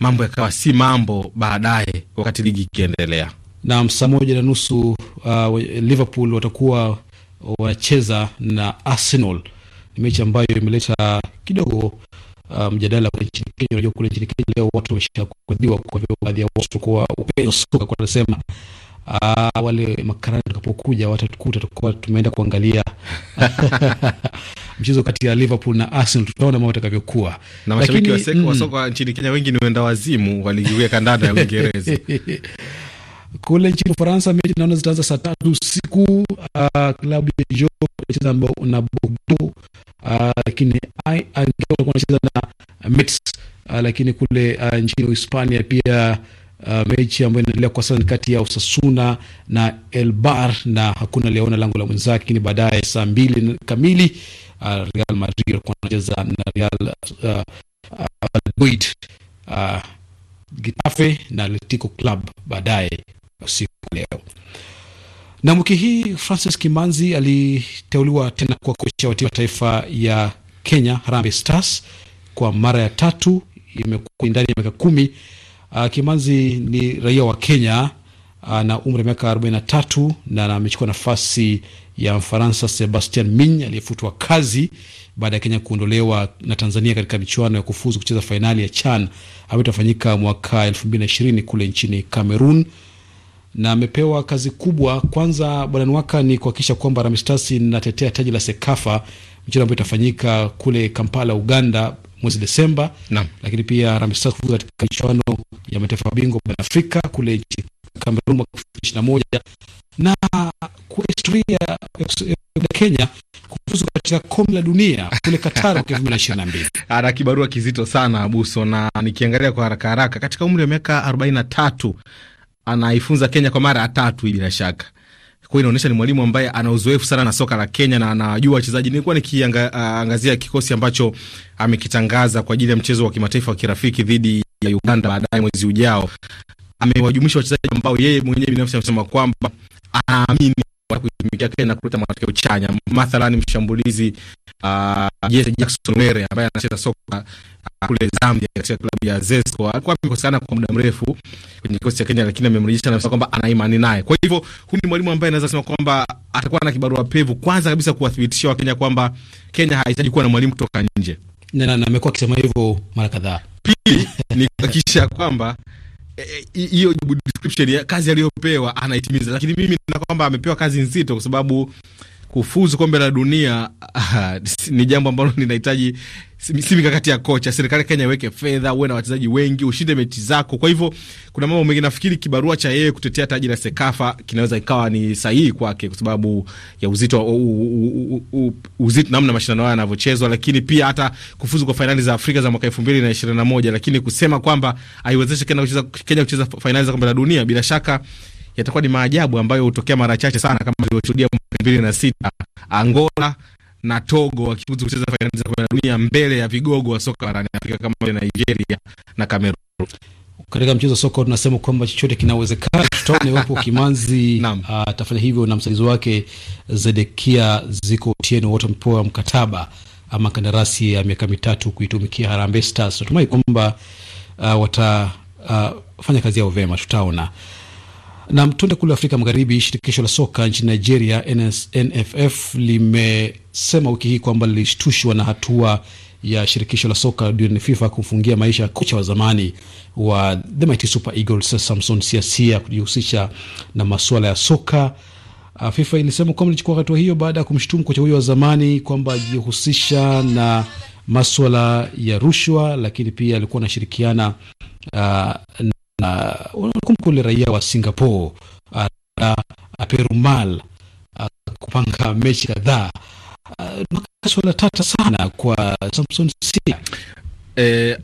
mambo yakawa si mambo baadaye wakati ligi ikiendelea. na saa moja na nusu uh, Liverpool watakuwa wanacheza na Arsenal. Ni mechi ambayo imeleta kidogo uh, mjadala kwa nchini Kenya. Unajua kule nchini Kenya leo watu wameshakodhiwa kwa hivyo baadhi ya watu kwa upendo soka nasema uh, wale makarani tutakapokuja watatukuta tutakuwa tumeenda kuangalia mchezo kati ya Liverpool na Arsenal, tutaona mambo yatakavyokuwa. Na mashabiki wa soka wa mm. soka nchini Kenya wengi ni wenda wazimu wa ligi ya kandanda ya Uingereza. Kule nchini Ufaransa mechi naona zitaanza saa tatu usiku. Uh, klabu ya Jo inacheza na Bordeaux, uh, lakini anacheza na Mets. Uh, lakini kule uh, nchini Hispania pia uh, mechi ambayo inaendelea kwa sasa ni kati ya Osasuna na Elbar na hakuna liaona lango la mwenzake, lakini baadaye saa mbili kamili uh, Real Madrid kwa anacheza na Real Valladolid uh, uh, Getafe na Atletico Club baadaye usiku leo. Na wiki hii Francis Kimanzi aliteuliwa tena kuwa kocha wa timu ya taifa ya Kenya Harambee Stars kwa mara ya tatu, imekuwa ndani ya miaka kumi Uh, Kimanzi ni raia wa Kenya ana ah, umri wa miaka 43 na amechukua nafasi ya Mfaransa Sebastian Min aliyefutwa kazi baada ya Kenya kuondolewa na Tanzania katika michuano ya kufuzu kucheza fainali ya CHAN ambayo itafanyika mwaka 2020 kule nchini Cameroon, na amepewa kazi kubwa. Kwanza bwana Nwaka, ni kuhakikisha kwamba Harambee Stars inatetea taji la Sekafa, mchezo ambao itafanyika kule Kampala, Uganda, mwezi Desemba na, lakini pia Ramisatu katika michuano ya mataifa mabingwa barani Afrika kule nchini Kamerun mwaka elfu mbili ishirini na moja na kwa historia ya Kenya kufuzu katika kombe la dunia kule Qatar mwaka elfu mbili ishirini na mbili. Ana kibarua kizito sana Abuso, na nikiangalia kwa haraka haraka katika umri wa miaka arobaini na tatu anaifunza Kenya kwa mara ya tatu hii bila shaka kwa inaonyesha ni mwalimu ambaye ana uzoefu sana na soka la Kenya na anajua wachezaji. Nilikuwa nikiangazia ah, kikosi ambacho amekitangaza kwa ajili ya mchezo wa kimataifa wa kirafiki dhidi ya Uganda baadaye mwezi ujao. Amewajumuisha wachezaji ambao yeye mwenyewe binafsi amesema kwamba anaamini kuitumikia Kenya na kuleta matokeo chanya. Mathalani mshambulizi uh, Jesse Jackson Were ambaye anacheza soka kule Zambia katika klabu ya Zesco. Alikuwa amekosekana kwa muda mrefu kwenye kikosi cha Kenya, lakini amemrejesha na kusema kwamba ana imani naye. Kwa hivyo huyu ni mwalimu ambaye anaweza kusema kwamba atakuwa na kibarua pevu, kwanza kabisa kuwathibitishia Wakenya kwamba Kenya hahitaji kuwa na mwalimu kutoka nje, na amekuwa akisema hivyo mara kadhaa. Pili ni kuhakikisha kwamba e, e, hiyo job description ya kazi aliyopewa anaitimiza, lakini mimi nina kwamba amepewa kazi nzito kwa sababu kufuzu kombe la dunia uh, ni jambo ambalo linahitaji si mikakati ya kocha. Serikali Kenya iweke fedha, uwe na wachezaji wengi, ushinde mechi zako. Kwa hivyo kuna mambo mengi, nafikiri kibarua cha yeye kutetea taji la Sekafa kinaweza ikawa ni sahihi kwake kwa sababu ya uzito, uzito namna mashindano haya yanavyochezwa, lakini pia hata kufuzu kwa fainali za Afrika za mwaka elfu mbili na ishirini na moja, lakini kusema kwamba haiwezeshe Kenya kucheza fainali za kombe la dunia, bila shaka yatakuwa ni maajabu ambayo hutokea mara chache sana, kama tulivyoshuhudia mwaka elfu mbili na sita Angola na Togo wakifuzu kucheza fainali za kombe la dunia mbele ya vigogo wa soka barani Afrika kama vile Nigeria na Cameroon. Katika mchezo wa soka tunasema kwamba chochote kinawezekana. Tutaone wapo Kimanzi ah, atafanya uh, hivyo na msaidizi wake Zedekia Ziko Otieno, wote wamepewa mkataba ama kandarasi ya miaka mitatu kuitumikia Harambee Stars. Natumai kwamba uh, ah, watafanya ah, uh, kazi yao vyema, tutaona. Na mtunde kule Afrika Magharibi, shirikisho la soka nchini Nigeria NS, NFF limesema wiki hii kwamba lilishtushwa na hatua ya shirikisho la soka duniani FIFA kumfungia maisha ya kocha wa zamani wa the mighty Super Eagles Samson Siasia kujihusisha na masuala ya soka. Ah, FIFA ilisema kwamba ilichukua hatua hiyo baada ya kumshutumu kocha huyo wa zamani kwamba ajihusisha na maswala ya rushwa, lakini pia alikuwa anashirikiana uh, kumkule raia wa Singapore uh, Perumal uh, kupanga mechi kadhaa uh, swala tata sana kwa Samson Sia eh,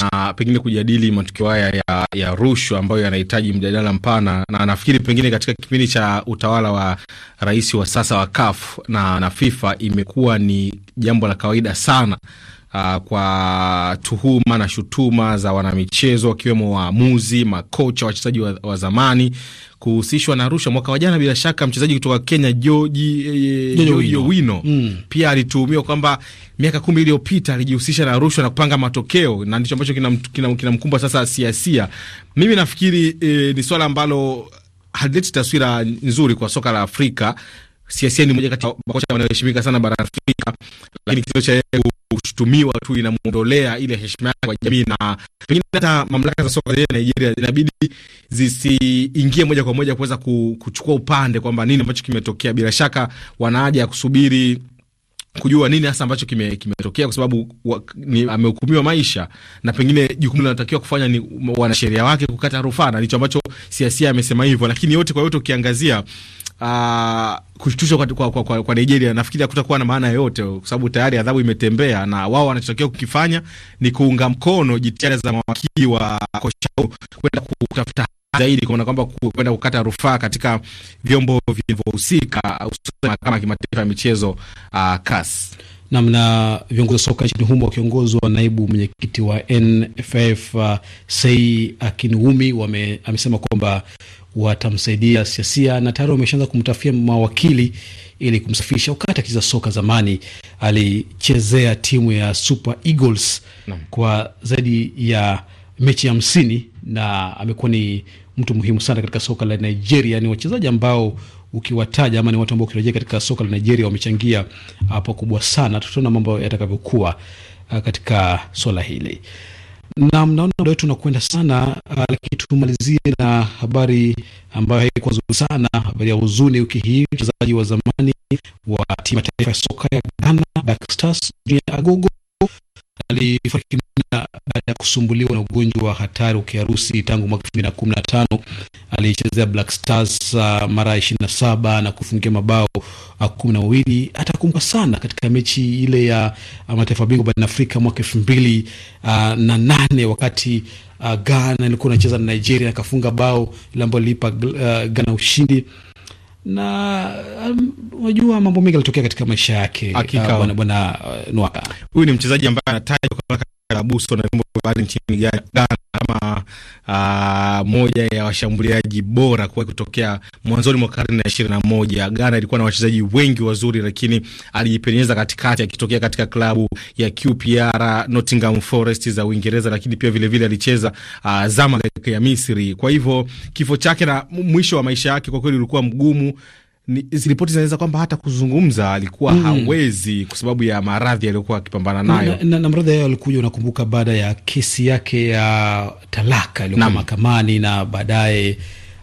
na pengine kujadili matukio haya ya, ya rushwa ambayo yanahitaji mjadala mpana, na nafikiri pengine katika kipindi cha utawala wa rais wa sasa wa CAF na, na FIFA imekuwa ni jambo la kawaida sana uh, kwa tuhuma na shutuma za wanamichezo wakiwemo waamuzi, makocha, wachezaji wa, wa zamani kuhusishwa na rushwa. Mwaka wa jana, bila shaka, mchezaji kutoka Kenya eh, Jojo Wino mm. pia alituhumiwa kwamba miaka kumi iliyopita alijihusisha na rushwa na kupanga matokeo, na ndicho ambacho kinamkumba kina, kina sasa siasia. Mimi nafikiri e, ni swala ambalo halileti taswira nzuri kwa soka la Afrika. Siasia ni moja kati ya makocha wanaoheshimika sana barani Afrika, lakini kitendo cha yeye kushutumiwa tu inamwondolea ile heshima yake kwa jamii, na pengine hata mamlaka za soka ya Nigeria inabidi zisiingie moja kwa moja kuweza kuchukua upande kwamba nini ambacho kimetokea. Bila shaka wana haja ya kusubiri kujua nini hasa ambacho kimetokea kime, kwa sababu amehukumiwa maisha na pengine jukumu linatakiwa kufanya ni wanasheria wake kukata rufaa, na ndicho ambacho siasia amesema hivyo. Lakini yote kwa yote ukiangazia uh, kushtushwa kwa, kwa, kwa, kwa, kwa Nigeria nafikiri hakutakuwa na maana yoyote, kwa sababu tayari adhabu imetembea, na wao wanachotakiwa kukifanya ni kuunga mkono jitihada za mawakili wa kocha kwenda kutafuta zaidi kuona kwamba kwenda kukata rufaa katika vyombo vinavyohusika hususan mahakama ya kimataifa ya michezo uh, CAS namna viongozi wa soka nchini humo wakiongozwa naibu mwenyekiti wa NFF uh, ah, Sei Akinwumi amesema kwamba watamsaidia siasia, na tayari wameshaanza kumtafutia mawakili ili kumsafirisha Wakati akicheza soka zamani, alichezea timu ya Super Eagles kwa zaidi ya mechi hamsini na amekuwa ni mtu muhimu sana katika soka la Nigeria. Ni wachezaji ambao ukiwataja ama ni watu ambao ukirejea katika soka la Nigeria wamechangia pakubwa sana. Tutaona mambo yatakavyokuwa uh, katika swala hili na mnaona muda wetu unakwenda sana, uh, lakini tumalizie na habari ambayo haikuwa nzuri sana, habari ya huzuni wiki hii. Mchezaji wa zamani wa timu ya taifa ya soka ya Ghana Black Stars Junior Agogo alifariki dunia baada ya kusumbuliwa na ugonjwa wa hatari wa kiharusi tangu mwaka tano. Alichezea Black Stars uh, mara 27 na kufungia mabao uh, kumi na mawili. Atakumbwa sana katika mechi ile ya uh, mataifa bingwa barani Afrika mwaka 2008 uh, na nane wakati uh, Ghana ilikuwa inacheza na Nigeria, akafunga bao ambalo liipa uh, Ghana ushindi na um, unajua um, mambo mengi yalitokea katika maisha yake uh, bwana bwana uh, Nwaka. Huyu ni mchezaji ambaye anatajwa kwa Kabuso na vyombo vya habari nchini Ghana uh, moja ya washambuliaji bora kuwahi kutokea mwanzoni mwa karne ya ishirini na moja. Ghana ilikuwa na wachezaji wengi wazuri, lakini alijipenyeza katikati akitokea katika klabu ya QPR, Nottingham Forest za Uingereza, lakini pia vilevile vile alicheza uh, Zamalek ya Misri. Kwa hivyo kifo chake na mwisho wa maisha yake kwa kweli ulikuwa mgumu ripoti zinaeleza kwamba hata kuzungumza alikuwa mm, hawezi kwa sababu ya maradhi aliyokuwa akipambana nayo, na, na, na maradhi hayo alikuja, unakumbuka, baada ya kesi yake ya talaka aliyokuwa mahakamani na baadaye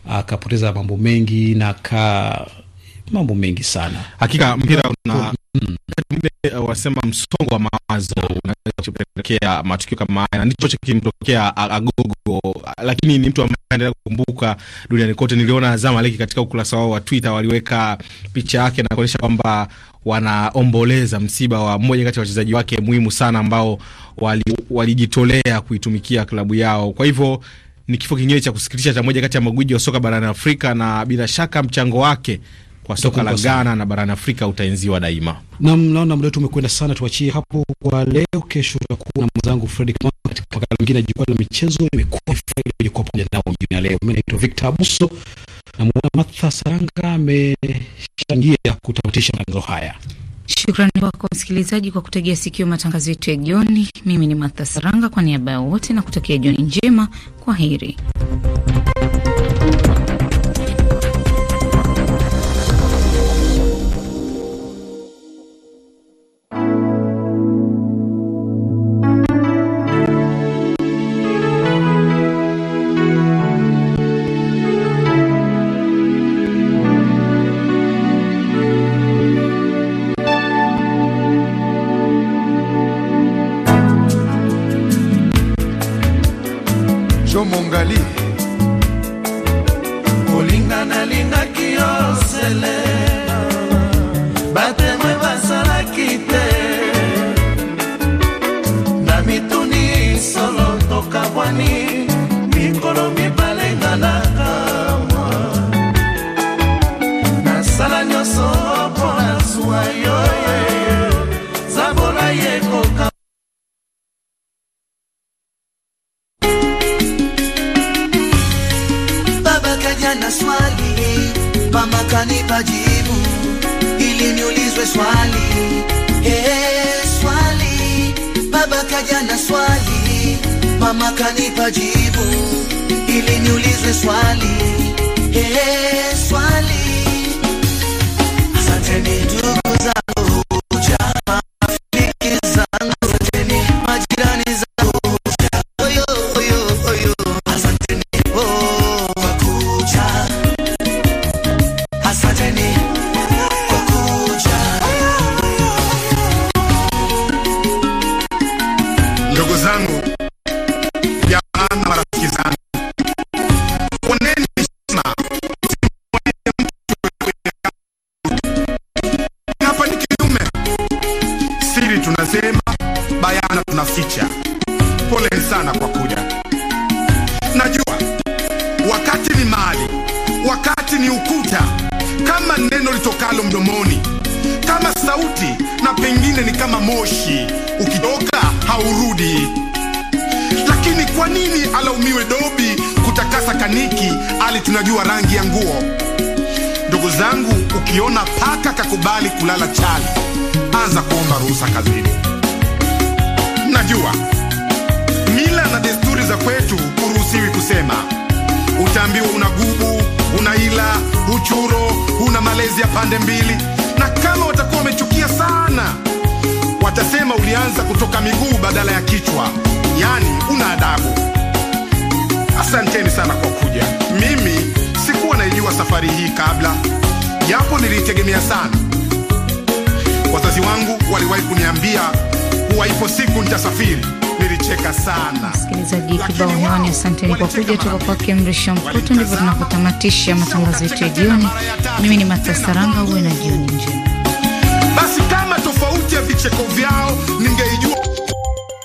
akapoteza mambo mengi na ka mambo mengi sana. Hakika mpira una mm. wasema msongo wa mawazo unaweza kupelekea matukio kama haya, na ndicho kilimtokea Agogo, lakini ni mtu ambaye anaendelea kukumbuka duniani kote. Niliona Zamalek katika ukurasa wao wa Twitter waliweka picha yake na kuonyesha kwamba wanaomboleza msiba wa mmoja kati ya wachezaji wake muhimu sana ambao walijitolea wali kuitumikia klabu yao. Kwa hivyo ni kifo kingine cha kusikitisha cha moja kati ya magwiji wa soka barani Afrika, na bila shaka mchango wake kwa soka la Ghana na barani Afrika utaenziwa daima. Nam, naona muda wetu umekwenda sana, tuachie hapo kwa leo. Kesho utakuwa na mwenzangu Fredrick katika makala mengine ya jukwaa la michezo. Imekuwa faida pamoja nao jioni leo. Mi naitwa Victor Abuso namwona mwana Martha Saranga amechangia kutamatisha matangazo haya. Shukrani kwako msikilizaji kwa kutegea sikio matangazo yetu ya jioni. Mimi ni Martha Saranga kwa niaba ya wote na kutakia jioni njema. Kwa heri. tunatamatisha matangazo yetu ya jioni. Mimi ni Matha Saranga.